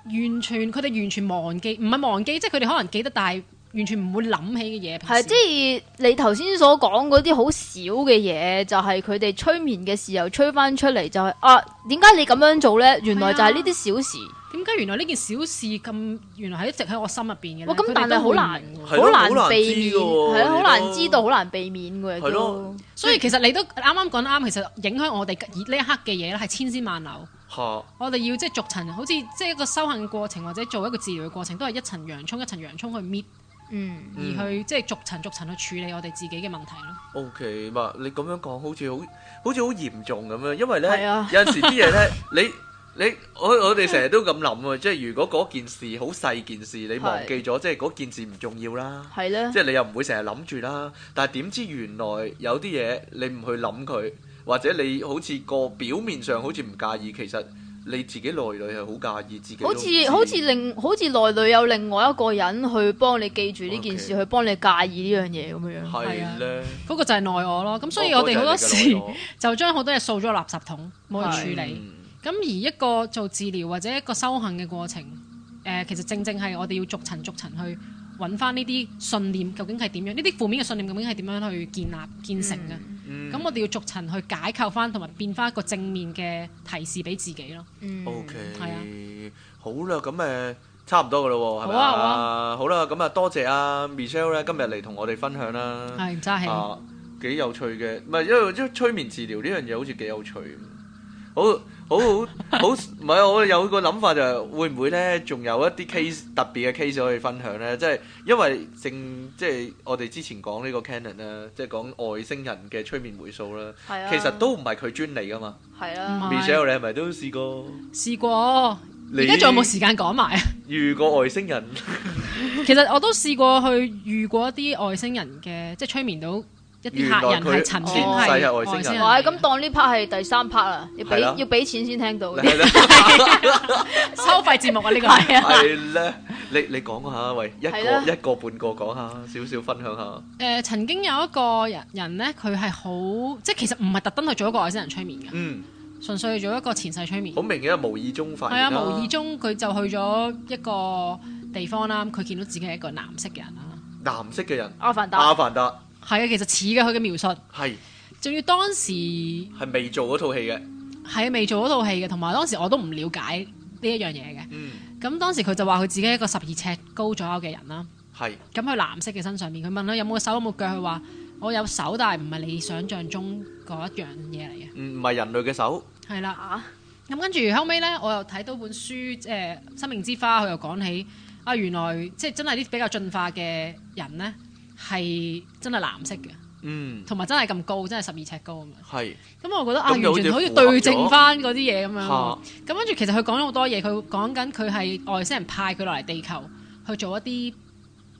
[SPEAKER 3] 完全佢哋完全忘記，唔係忘記，即係佢哋可能記得，但係完全唔會諗起嘅嘢。係即
[SPEAKER 1] 係你頭先所講嗰啲好少嘅嘢，就係佢哋催眠嘅時候催翻出嚟、就係，就係啊，點解你咁樣做咧？原來就係呢啲小
[SPEAKER 3] 事。點解原來呢件小事咁原來係一直喺我心入邊嘅？咁、哦、但係好難，
[SPEAKER 1] 好難，難避免，係啊對，好難知
[SPEAKER 3] 道，好難避免嘅。係咯都。吧所以其實你都啱啱講得啱，其實影響我哋呢一刻嘅嘢咧係千絲萬縷。啊、我哋要即係逐層，好似即係一個修行嘅過程，或者做一個治療嘅過程，都係一層洋葱，一層洋葱去搣，嗯，而去即係逐層逐層去處理我哋自己嘅問題咯、嗯。
[SPEAKER 2] OK，唔係你咁樣講好似好，好似好嚴重咁樣，因為咧、啊、有陣時啲嘢咧你。你 (laughs) 你我我哋成日都咁諗啊，即係如果嗰件事好細件事，你忘記咗，係啦即係嗰件事唔重要啦。係咧，即係你又唔會成日諗住啦。但係點知原來有啲嘢你唔去諗佢，或者你好似個表面上好似唔介意，其實你自己內裏係好介意自己好。好似好似
[SPEAKER 1] 另好似內裏有另外一個人去幫你記住呢件事，嗯 okay.
[SPEAKER 3] 去幫你介意呢樣嘢咁樣樣。
[SPEAKER 1] 係
[SPEAKER 2] 咧，
[SPEAKER 3] 不、嗰個、就係內我咯。咁
[SPEAKER 2] 所，所以我哋
[SPEAKER 1] 好多時
[SPEAKER 3] 就將好多嘢掃咗垃圾桶，冇人處理。咁而一個做治療或者一個修行嘅過程，誒、呃，其實正正係我哋要逐層逐層去揾翻呢啲信念究竟係點樣？呢啲負面嘅信念究竟係點樣去建立建成嘅？咁、嗯嗯、我哋要逐層去解構翻，同埋變翻一個正面嘅提示俾自己咯。
[SPEAKER 2] OK，係啊，好啦，咁誒，差唔多噶咯，係咪啊？好啦，咁啊，多謝阿、啊、Michelle 咧，今日嚟同我哋分享啦，係，揸氣，幾、啊、有趣嘅，唔係因為催眠治療呢樣嘢好似幾有趣，好。好好好，唔係我有個諗法就係會唔會咧？仲有一啲 case 特別嘅 case 可以分享咧？即係因為正即係我哋之前講呢個 Cannon 咧，即係講外星人嘅催眠回數啦，係啊、其實都唔係佢專利㗎嘛。
[SPEAKER 3] 係是啊是，Michelle
[SPEAKER 2] 你係咪都試過？試過。而家仲有冇時間講埋啊？遇過外星人。
[SPEAKER 3] (laughs) 其實我都試過去遇過一啲外星人嘅，即係催眠到。一啲客人係陳，前世係外星人，咁當呢 part 係第三 part 啦，要俾要俾錢先聽到嘅。收費節目呢個係啊，係
[SPEAKER 2] 咧，你你講下，喂，一個一個半個講下，少少分享下。
[SPEAKER 3] 誒，曾經有一個人人咧，佢係好即係其實唔係特登去做一個外星人催眠嘅，嗯，純粹做一個前世催眠。
[SPEAKER 2] 好明顯係無意中發生。係啊，無意
[SPEAKER 3] 中佢就去咗一個地方啦，佢見到自己係一個藍色嘅
[SPEAKER 2] 人啦，藍色嘅人。阿凡達，阿凡達。
[SPEAKER 3] 係啊，其實似嘅佢嘅描述。係是，仲要當時
[SPEAKER 2] 係未做嗰套戲嘅。
[SPEAKER 3] 係啊，未做嗰套戲嘅，同埋當時我都唔了解呢一樣嘢嘅。咁、嗯、當時佢就話佢自己一個十二尺高左右嘅人啦。係是。咁佢藍色嘅身上面，佢問佢有冇手有冇腳，佢話我有手，但係唔係你想象中嗰一樣嘢嚟嘅。
[SPEAKER 2] 唔唔係人類嘅手。
[SPEAKER 3] 係啦。啊。咁跟住後尾咧，我又睇到本書，即、呃、係《生命之花》，佢又講起啊，原來即係真係啲比較進化嘅人咧。係真係藍色嘅，
[SPEAKER 2] 嗯，同
[SPEAKER 3] 埋真係咁高，真係十二尺高啊！係咁，我覺得啊，完全好似對正翻嗰啲嘢咁樣。咁跟住，其實佢講咗好多嘢，佢講緊佢係外星人派佢落嚟地球去做一啲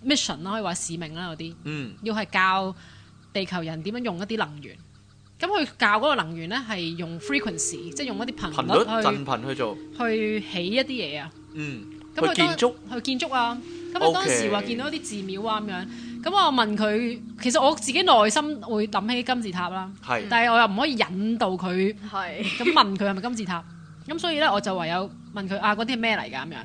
[SPEAKER 3] mission 啦，可以話使命啦嗰啲。嗯，要係教地球人點樣用一啲能源。咁佢教嗰個能源呢係用 frequency，即係用一啲頻率去振頻去做，去起一啲嘢啊。嗯，
[SPEAKER 2] 咁佢建築，
[SPEAKER 3] 去建築啊。咁佢當時話見到啲寺廟啊咁樣。咁我問佢，其實我自己內心會諗起金字塔啦，是但係我又唔可以引導佢，咁是問佢係咪金字塔？咁 (laughs) 所以咧，我就唯有問佢啊，嗰啲係咩嚟㗎咁樣？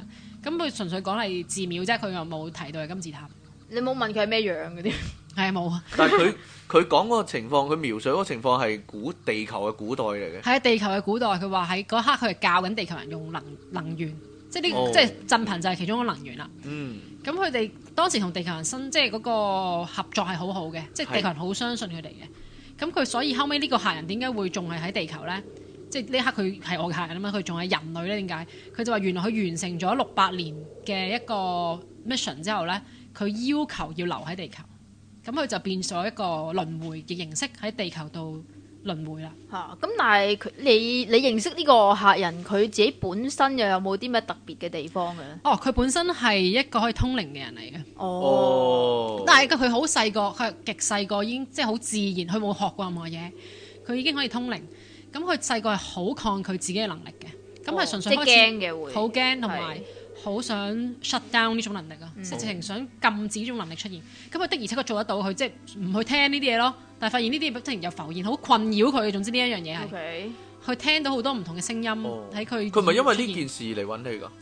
[SPEAKER 3] 咁佢純粹講係寺廟啫，佢又冇提到係金字塔。你冇問佢係咩樣嗰啲？係冇呀。 (laughs)
[SPEAKER 2] (laughs) 但係佢佢講嗰個情況，佢描述嗰個情況係古地球嘅古代嚟嘅。係
[SPEAKER 3] 地球嘅古代，佢話喺嗰刻佢係教緊地球人用能、嗯、能源，即係呢，即係振頻就係其中個能源啦。嗯。嗯。咁佢哋當時同地球人生即係嗰個合作係好好嘅，即係地球人好相信佢哋嘅。咁佢是的 所以後尾呢個客人點解會仲係喺地球呢？即係呢刻佢係我嘅客人啊嘛，佢仲係人類呢？點解？佢就話原來佢完成咗六百年嘅一個 mission 之後呢，佢要求要留喺地球，咁佢就變咗一個輪迴嘅形式喺地球度。輪迴啦嚇，
[SPEAKER 1] 咁、嗯、但係佢你你認識呢個客人，佢自己本身
[SPEAKER 3] 又有冇啲咩特別嘅地方嘅？哦，佢本身係一個可以通靈嘅人嚟嘅。哦，但係佢好細個，佢極細個已經即係好自然，佢冇學過任何嘢，佢已經可以通靈。咁佢細個係好抗拒自己嘅能力嘅，咁係純粹開始好驚同埋，哦好想 shut down 呢種能力啊，直情、嗯、想禁止呢種能力出現。咁佢、嗯、的而且確做得到，佢即係唔去聽呢啲嘢咯。但係發現呢啲嘢不停又浮現，好困擾佢。總之呢一樣嘢係，佢 Okay. 聽到好多唔同嘅聲音睇佢。佢唔係因為呢件
[SPEAKER 2] 事嚟揾你噶？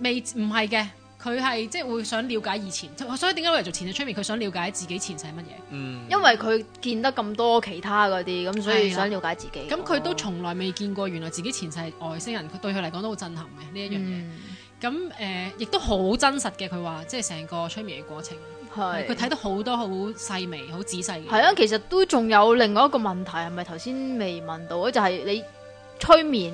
[SPEAKER 3] 未唔係嘅，佢係即係會想了解以前。所以點解我嚟做前世催眠？佢想了解自己前世係乜嘢？嗯、因為佢見得咁多其他嗰啲，咁所以想了解自己。咁佢的、哦、都從來未見過原來自己前世係外星人。佢對佢嚟講都好震撼嘅呢一樣嘢。嗯咁誒、呃，亦都好真實嘅。佢話，即係成個催眠嘅過程，佢睇是、呃、到好多好細微、好仔細。係啊，其
[SPEAKER 1] 實都仲有另外一個問題，係咪頭先未問到？就係、是、你催眠，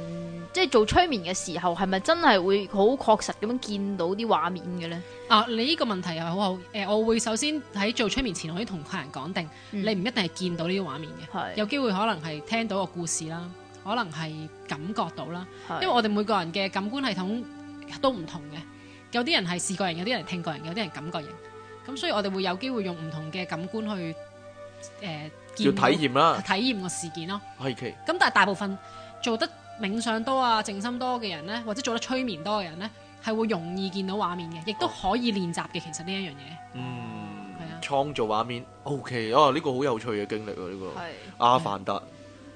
[SPEAKER 1] 即係做催眠嘅時候，係咪真係會好
[SPEAKER 3] 確實咁樣見到啲畫面嘅咧？啊，你呢個問題又係好好誒、呃！我會首先喺做催眠前，可以同客人講定，嗯、你唔一定係見到呢啲畫面嘅，是有機會可能係聽到個故事啦，可能係感覺到啦，因為我哋每個人嘅感官系統。都唔同嘅，有啲人係視覺人，有啲人聽覺人，有啲人感覺人。咁所以我哋會有機會用唔同嘅感官去誒、呃、見。要體驗啦，體驗個事件咯。咁 Okay. 但係大部分做得冥想多啊、靜心多嘅人呢，或者做得催眠多嘅人呢，係會容易見到畫面嘅，亦都可以練習嘅。Oh. 其實呢一樣嘢，嗯，係啊，
[SPEAKER 2] 創造畫面 OK 啊，呢、呢個好有趣嘅經歷啊，呢、呢個係阿凡達。是啊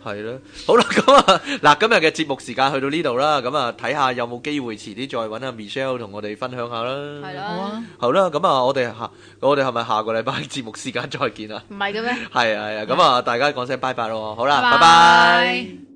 [SPEAKER 2] 係咯，好啦，咁啊，嗱，今日嘅節目時間去到呢度啦，咁、嗯、啊，睇下有冇機會遲啲再揾阿 Michelle 同我哋分享下啦。係啦的，好啦吧，好啦，咁啊、嗯，我哋下，嗯、我哋係咪下個禮拜節目時間再見啊？唔係嘅咩？係啊係啊，咁、嗯、啊，的嗯、大家講聲拜拜咯，好啦，拜拜。
[SPEAKER 1] 拜拜。